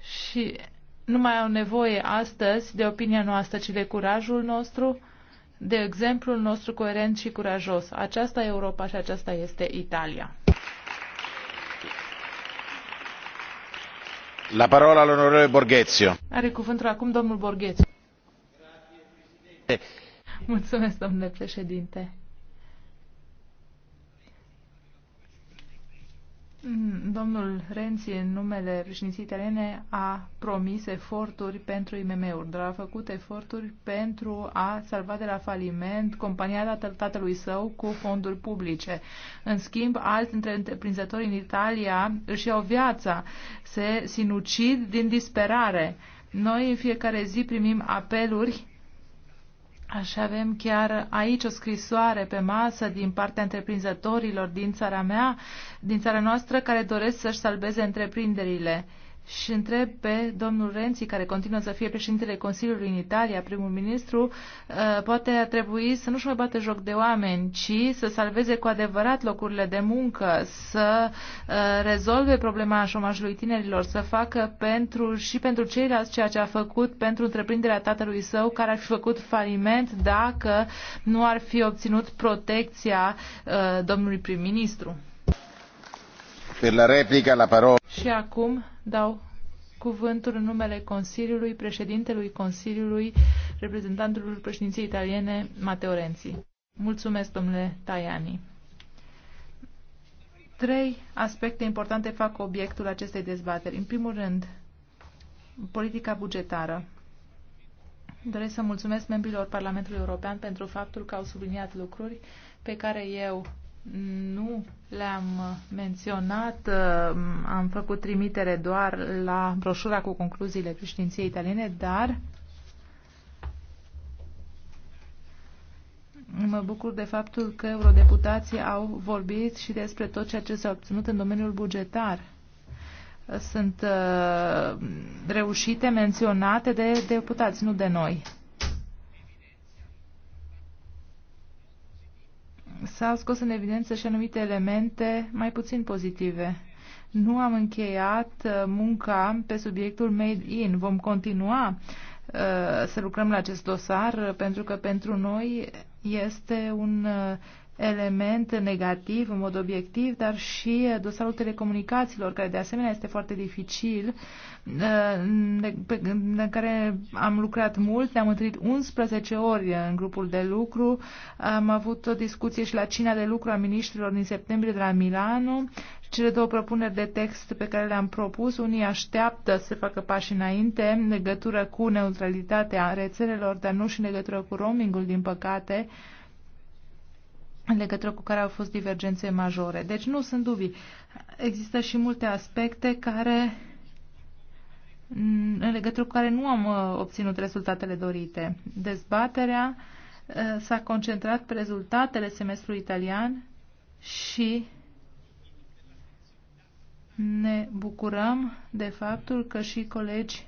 și nu mai au nevoie astăzi de opinia noastră, ci de curajul nostru, de exemplul nostru coerent și curajos. Aceasta e Europa și aceasta este Italia. La parola l'onorevole Borghezio. Are acum domnul Borghezio. Mulțumesc, domnule președinte. Mm, domnul Renzi, în numele președinției italiene, a promis eforturi pentru IMM-uri, dar a făcut eforturi pentru a salva de la faliment compania tatălui său cu fonduri publice. În schimb, alți întreprinzători în Italia își iau viața, se sinucid din disperare. Noi în fiecare zi primim apeluri Așa avem chiar aici o scrisoare pe masă din partea întreprinzătorilor din țara mea, din țara noastră, care doresc să-și salveze întreprinderile și întreb pe domnul Renzi, care continuă să fie președintele Consiliului în Italia, primul ministru, uh, poate a trebui să nu-și mai bate joc de oameni, ci să salveze cu adevărat locurile de muncă, să uh, rezolve problema șomajului tinerilor, să facă pentru și pentru ceilalți ceea ce a făcut pentru întreprinderea tatălui său, care ar fi făcut faliment dacă nu ar fi obținut protecția uh, domnului prim-ministru. Per la la Și acum Dau cuvântul în numele Consiliului, președintelui Consiliului, reprezentantului președinției italiene, Matteo Renzi. Mulțumesc, domnule Tajani. Trei aspecte importante fac obiectul acestei dezbateri. În primul rând, politica bugetară. Doresc să mulțumesc membrilor Parlamentului European pentru faptul că au subliniat lucruri pe care eu nu le-am menționat, uh, am făcut trimitere doar la broșura cu concluziile președinției italiene, dar mă bucur de faptul că eurodeputații au vorbit și despre tot ceea ce s-a obținut în domeniul bugetar. Sunt uh, reușite menționate de deputați, nu de noi. s-au scos în evidență și anumite elemente mai puțin pozitive. Nu am încheiat uh, munca pe subiectul Made In. Vom continua uh, să lucrăm la acest dosar uh, pentru că pentru noi este un element negativ în mod obiectiv, dar și dosarul telecomunicațiilor, care de asemenea este foarte dificil, în uh, care am lucrat mult, ne-am întâlnit 11 ori în grupul de lucru, am avut o discuție și la cina de lucru a ministrilor din septembrie de la Milano, cele două propuneri de text pe care le-am propus, unii așteaptă să facă pași înainte în legătură cu neutralitatea rețelelor, dar nu și în legătură cu roamingul, din păcate, în legătură cu care au fost divergențe majore. Deci nu sunt dubii. Există și multe aspecte care mm, în legătură cu care nu am uh, obținut rezultatele dorite. Dezbaterea uh, s-a concentrat pe rezultatele semestrului italian și ne bucurăm de faptul că și colegi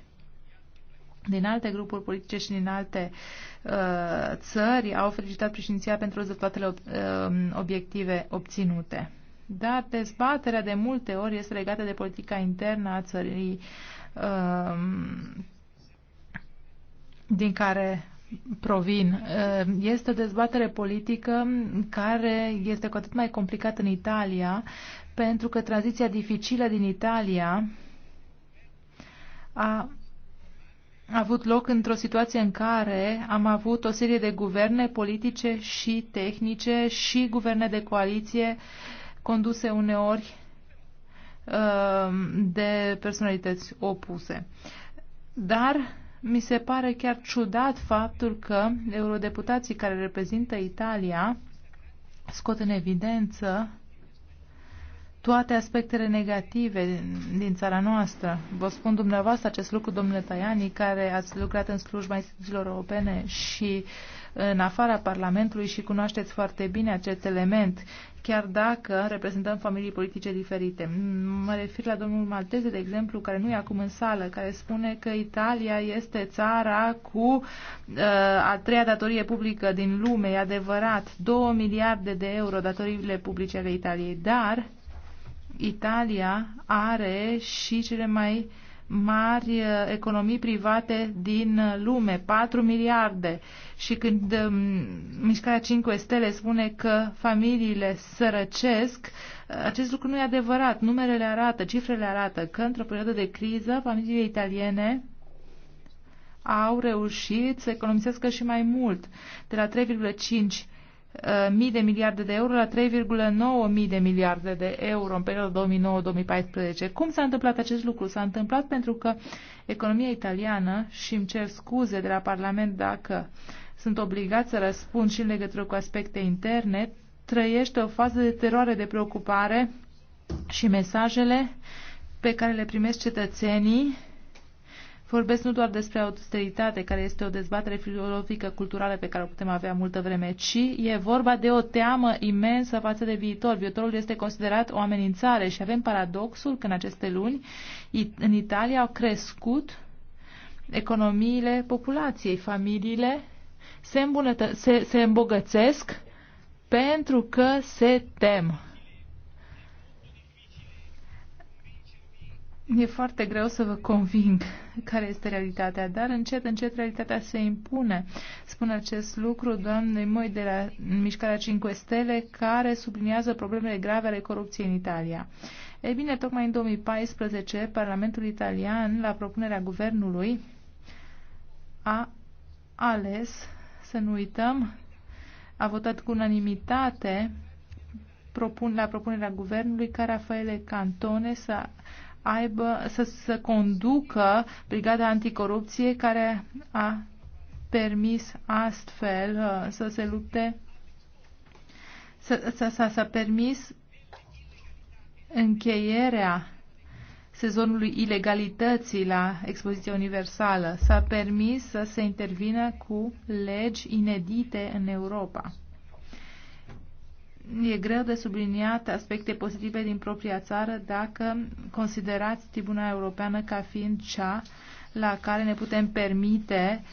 din alte grupuri politice și din alte uh, țări au felicitat președinția pentru rezultatele uh, obiective obținute. Dar dezbaterea de multe ori este legată de politica internă a țării um, din care provin. Uh, este o dezbatere politică care este cu atât mai complicată în Italia, pentru că tranziția dificilă din Italia a a avut loc într-o situație în care am avut o serie de guverne politice și tehnice și guverne de coaliție conduse uneori uh, de personalități opuse. Dar mi se pare chiar ciudat faptul că eurodeputații care reprezintă Italia scot în evidență toate aspectele negative din țara noastră. Vă spun dumneavoastră acest lucru, domnule Tajani, care ați lucrat în slujba instituțiilor europene și în afara Parlamentului și cunoașteți foarte bine acest element, chiar dacă reprezentăm familii politice diferite. Mă refer la domnul Malteze, de exemplu, care nu e acum în sală, care spune că Italia este țara cu uh, a treia datorie publică din lume, e adevărat, 2 miliarde de euro datoriile publice ale Italiei, dar Italia are și cele mai mari uh, economii private din lume, 4 miliarde. Și când um, Mișcarea 5 Stele spune că familiile sărăcesc, uh, acest lucru nu e adevărat. Numerele arată, cifrele arată că într-o perioadă de criză, familiile italiene au reușit să economisească și mai mult, de la 3,5 Uh, mii de miliarde de euro la 3,9 mii de miliarde de euro în perioada 2009-2014. Cum s-a întâmplat acest lucru? S-a întâmplat pentru că economia italiană, și îmi cer scuze de la Parlament dacă sunt obligat să răspund și în legătură cu aspecte interne, trăiește o fază de teroare, de preocupare și mesajele pe care le primesc cetățenii Vorbesc nu doar despre austeritate, care este o dezbatere filozofică culturală pe care o putem avea multă vreme, ci e vorba de o teamă imensă față de viitor. Viitorul este considerat o amenințare și avem paradoxul că în aceste luni în Italia au crescut economiile populației, familiile se, îmbunătă- se, se îmbogățesc pentru că se tem. E foarte greu să vă conving care este realitatea, dar încet, încet realitatea se impune. Spun acest lucru doamnei Moi de la Mișcarea 5 Stele, care subliniază problemele grave ale corupției în Italia. Ei bine, tocmai în 2014, Parlamentul Italian, la propunerea guvernului, a ales, să nu uităm, a votat cu unanimitate propun, la propunerea guvernului ca Rafaele Cantone să aibă, să, să conducă brigada anticorupție care a permis astfel uh, să se lupte să, să, să, să permis încheierea sezonului ilegalității la expoziția universală. S-a permis să se intervină cu legi inedite în Europa e greu de subliniat aspecte pozitive din propria țară dacă considerați Tribuna Europeană ca fiind cea la care ne putem permite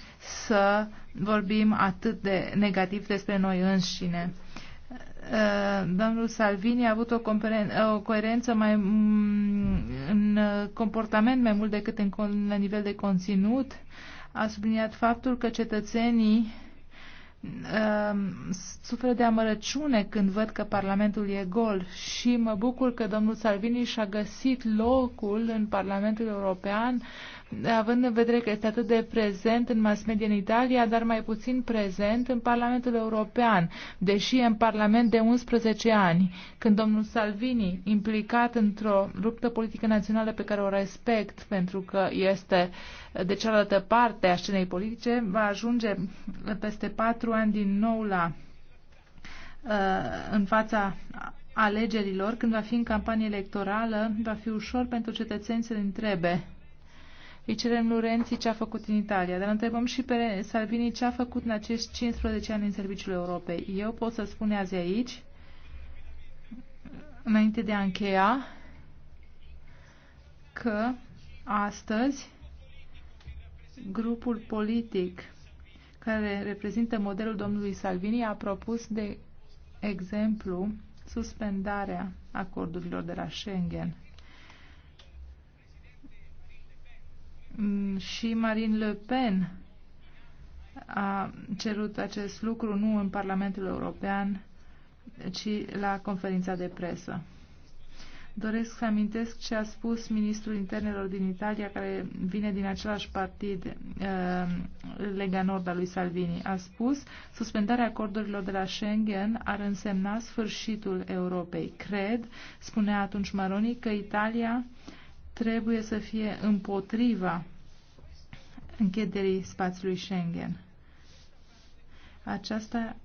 să vorbim atât de negativ despre noi înșine. Uh, domnul Salvini a avut o, o coerență mai mm, în comportament mai mult decât în, la nivel de conținut. A subliniat faptul că cetățenii Ehm, suferă de amărăciune când văd că Parlamentul e gol și mă bucur că domnul Salvini și-a găsit locul în Parlamentul European având în vedere că este atât de prezent în mass media în Italia, dar mai puțin prezent în Parlamentul European, deși e în Parlament de 11 ani, când domnul Salvini, implicat într-o luptă politică națională pe care o respect, pentru că este de cealaltă parte a scenei politice, va ajunge peste patru ani din nou la uh, în fața alegerilor, când va fi în campanie electorală, va fi ușor pentru cetățeni să întrebe îi cerem Lorenzi ce a făcut în Italia, dar întrebăm și pe Salvini ce a făcut în acești 15 ani în serviciul Europei. Eu pot să spun azi aici, înainte de a încheia, că astăzi grupul politic care reprezintă modelul domnului Salvini a propus de exemplu suspendarea acordurilor de la Schengen. Mm, și Marine Le Pen a cerut acest lucru nu în Parlamentul European, ci la conferința de presă. Doresc să amintesc ce a spus ministrul internelor din Italia, care vine din același partid, uh, Lega Nord a lui Salvini. A spus, suspendarea acordurilor de la Schengen ar însemna sfârșitul Europei. Cred, spunea atunci Maroni, că Italia trebuie să fie împotriva închederii spațiului Schengen. Aceasta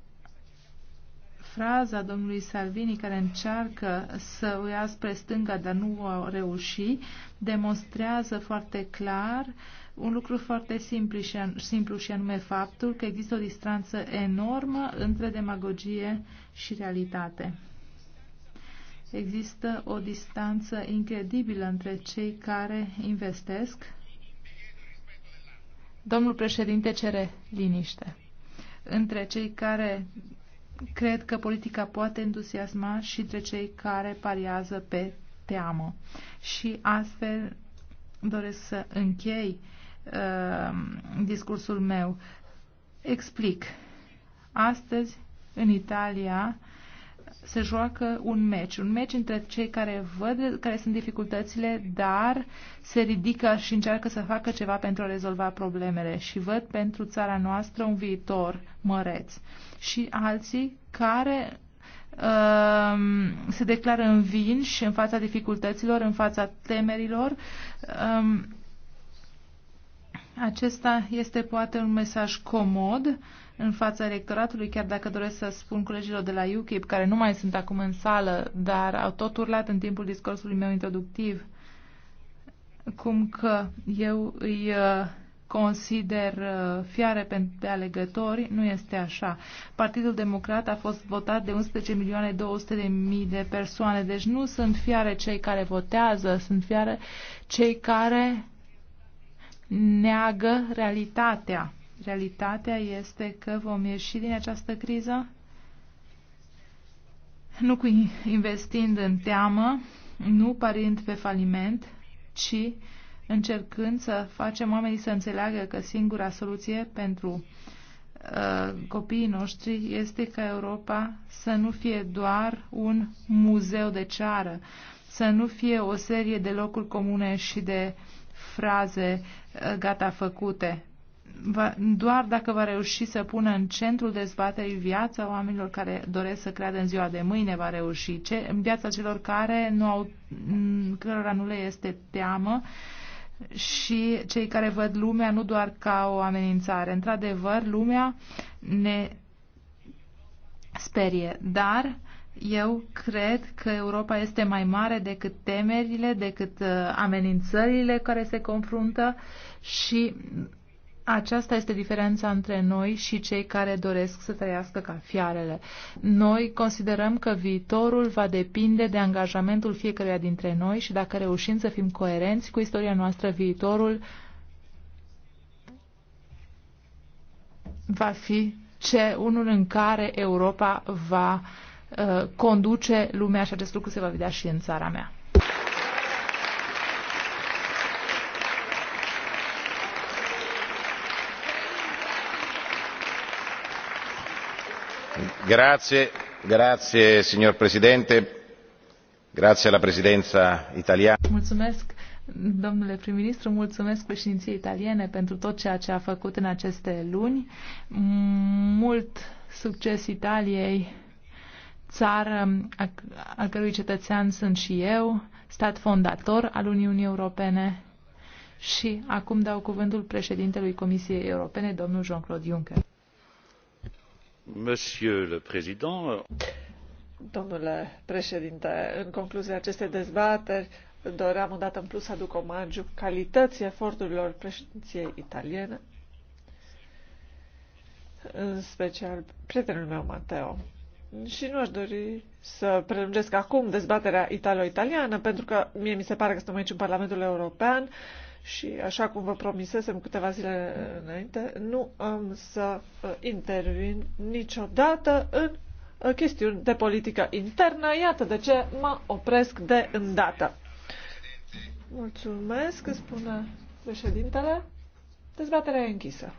fraza domnului Salvini care încearcă să o ia spre stânga, dar nu o reuși, demonstrează foarte clar un lucru foarte simplu și, simplu și anume faptul că există o distanță enormă între demagogie și realitate. Există o distanță incredibilă între cei care investesc. Domnul președinte cere liniște. Între cei care cred că politica poate entuziasma și între cei care pariază pe teamă. Și astfel doresc să închei uh, discursul meu. Explic. Astăzi, în Italia, se joacă un meci, un meci între cei care văd care sunt dificultățile, dar se ridică și încearcă să facă ceva pentru a rezolva problemele și văd pentru țara noastră un viitor măreț. Și alții care uh, se declară învinși în fața dificultăților, în fața temerilor. Uh, acesta este poate un mesaj comod în fața electoratului, chiar dacă doresc să spun colegilor de la UKIP, care nu mai sunt acum în sală, dar au tot urlat în timpul discursului meu introductiv, cum că eu îi uh, consider uh, fiare de alegători, nu este așa. Partidul Democrat a fost votat de 11 milioane 200 de mii de persoane, deci nu sunt fiare cei care votează, sunt fiare cei care neagă realitatea. Realitatea este că vom ieși din această criză nu cu investind în teamă, nu parind pe faliment, ci încercând să facem oamenii să înțeleagă că singura soluție pentru uh, copiii noștri este ca Europa să nu fie doar un muzeu de ceară, să nu fie o serie de locuri comune și de fraze uh, gata făcute, va, doar dacă va reuși să pună în centrul dezbaterii viața oamenilor care doresc să creadă în ziua de mâine, va reuși Ce, viața celor care nu au, mm, cărora nu le este teamă și cei care văd lumea nu doar ca o amenințare. Într-adevăr, lumea ne sperie, dar eu cred că Europa este mai mare decât temerile, decât uh, amenințările care se confruntă și aceasta este diferența între noi și cei care doresc să trăiască ca fiarele. Noi considerăm că viitorul va depinde de angajamentul fiecăruia dintre noi și dacă reușim să fim coerenți cu istoria noastră, viitorul va fi ce unul în care Europa va uh, conduce lumea și acest lucru se va vedea și în țara mea. signor Presidente, grazie alla Presidenza italiana. Mulțumesc, domnule prim-ministru, mulțumesc președinției italiene pentru tot ceea ce a făcut în aceste luni. Mult succes Italiei, țară al cărui cetățean sunt și eu, stat fondator al Uniunii Europene. Și acum dau cuvântul președintelui Comisiei Europene, domnul Jean-Claude Juncker. Domnule președinte, în concluzia acestei dezbateri, doream o dată în plus să aduc omagiu calității eforturilor președinției italiene, în special prietenul meu, Mateo. Și nu aș dori să prelungesc acum dezbaterea italo-italiană, pentru că mie mi se pare că suntem aici în Parlamentul European și așa cum vă promisesem câteva zile înainte, nu am să uh, intervin niciodată în uh, chestiuni de politică internă. Iată de ce mă opresc de îndată. Mulțumesc, spune președintele. Dezbaterea e închisă.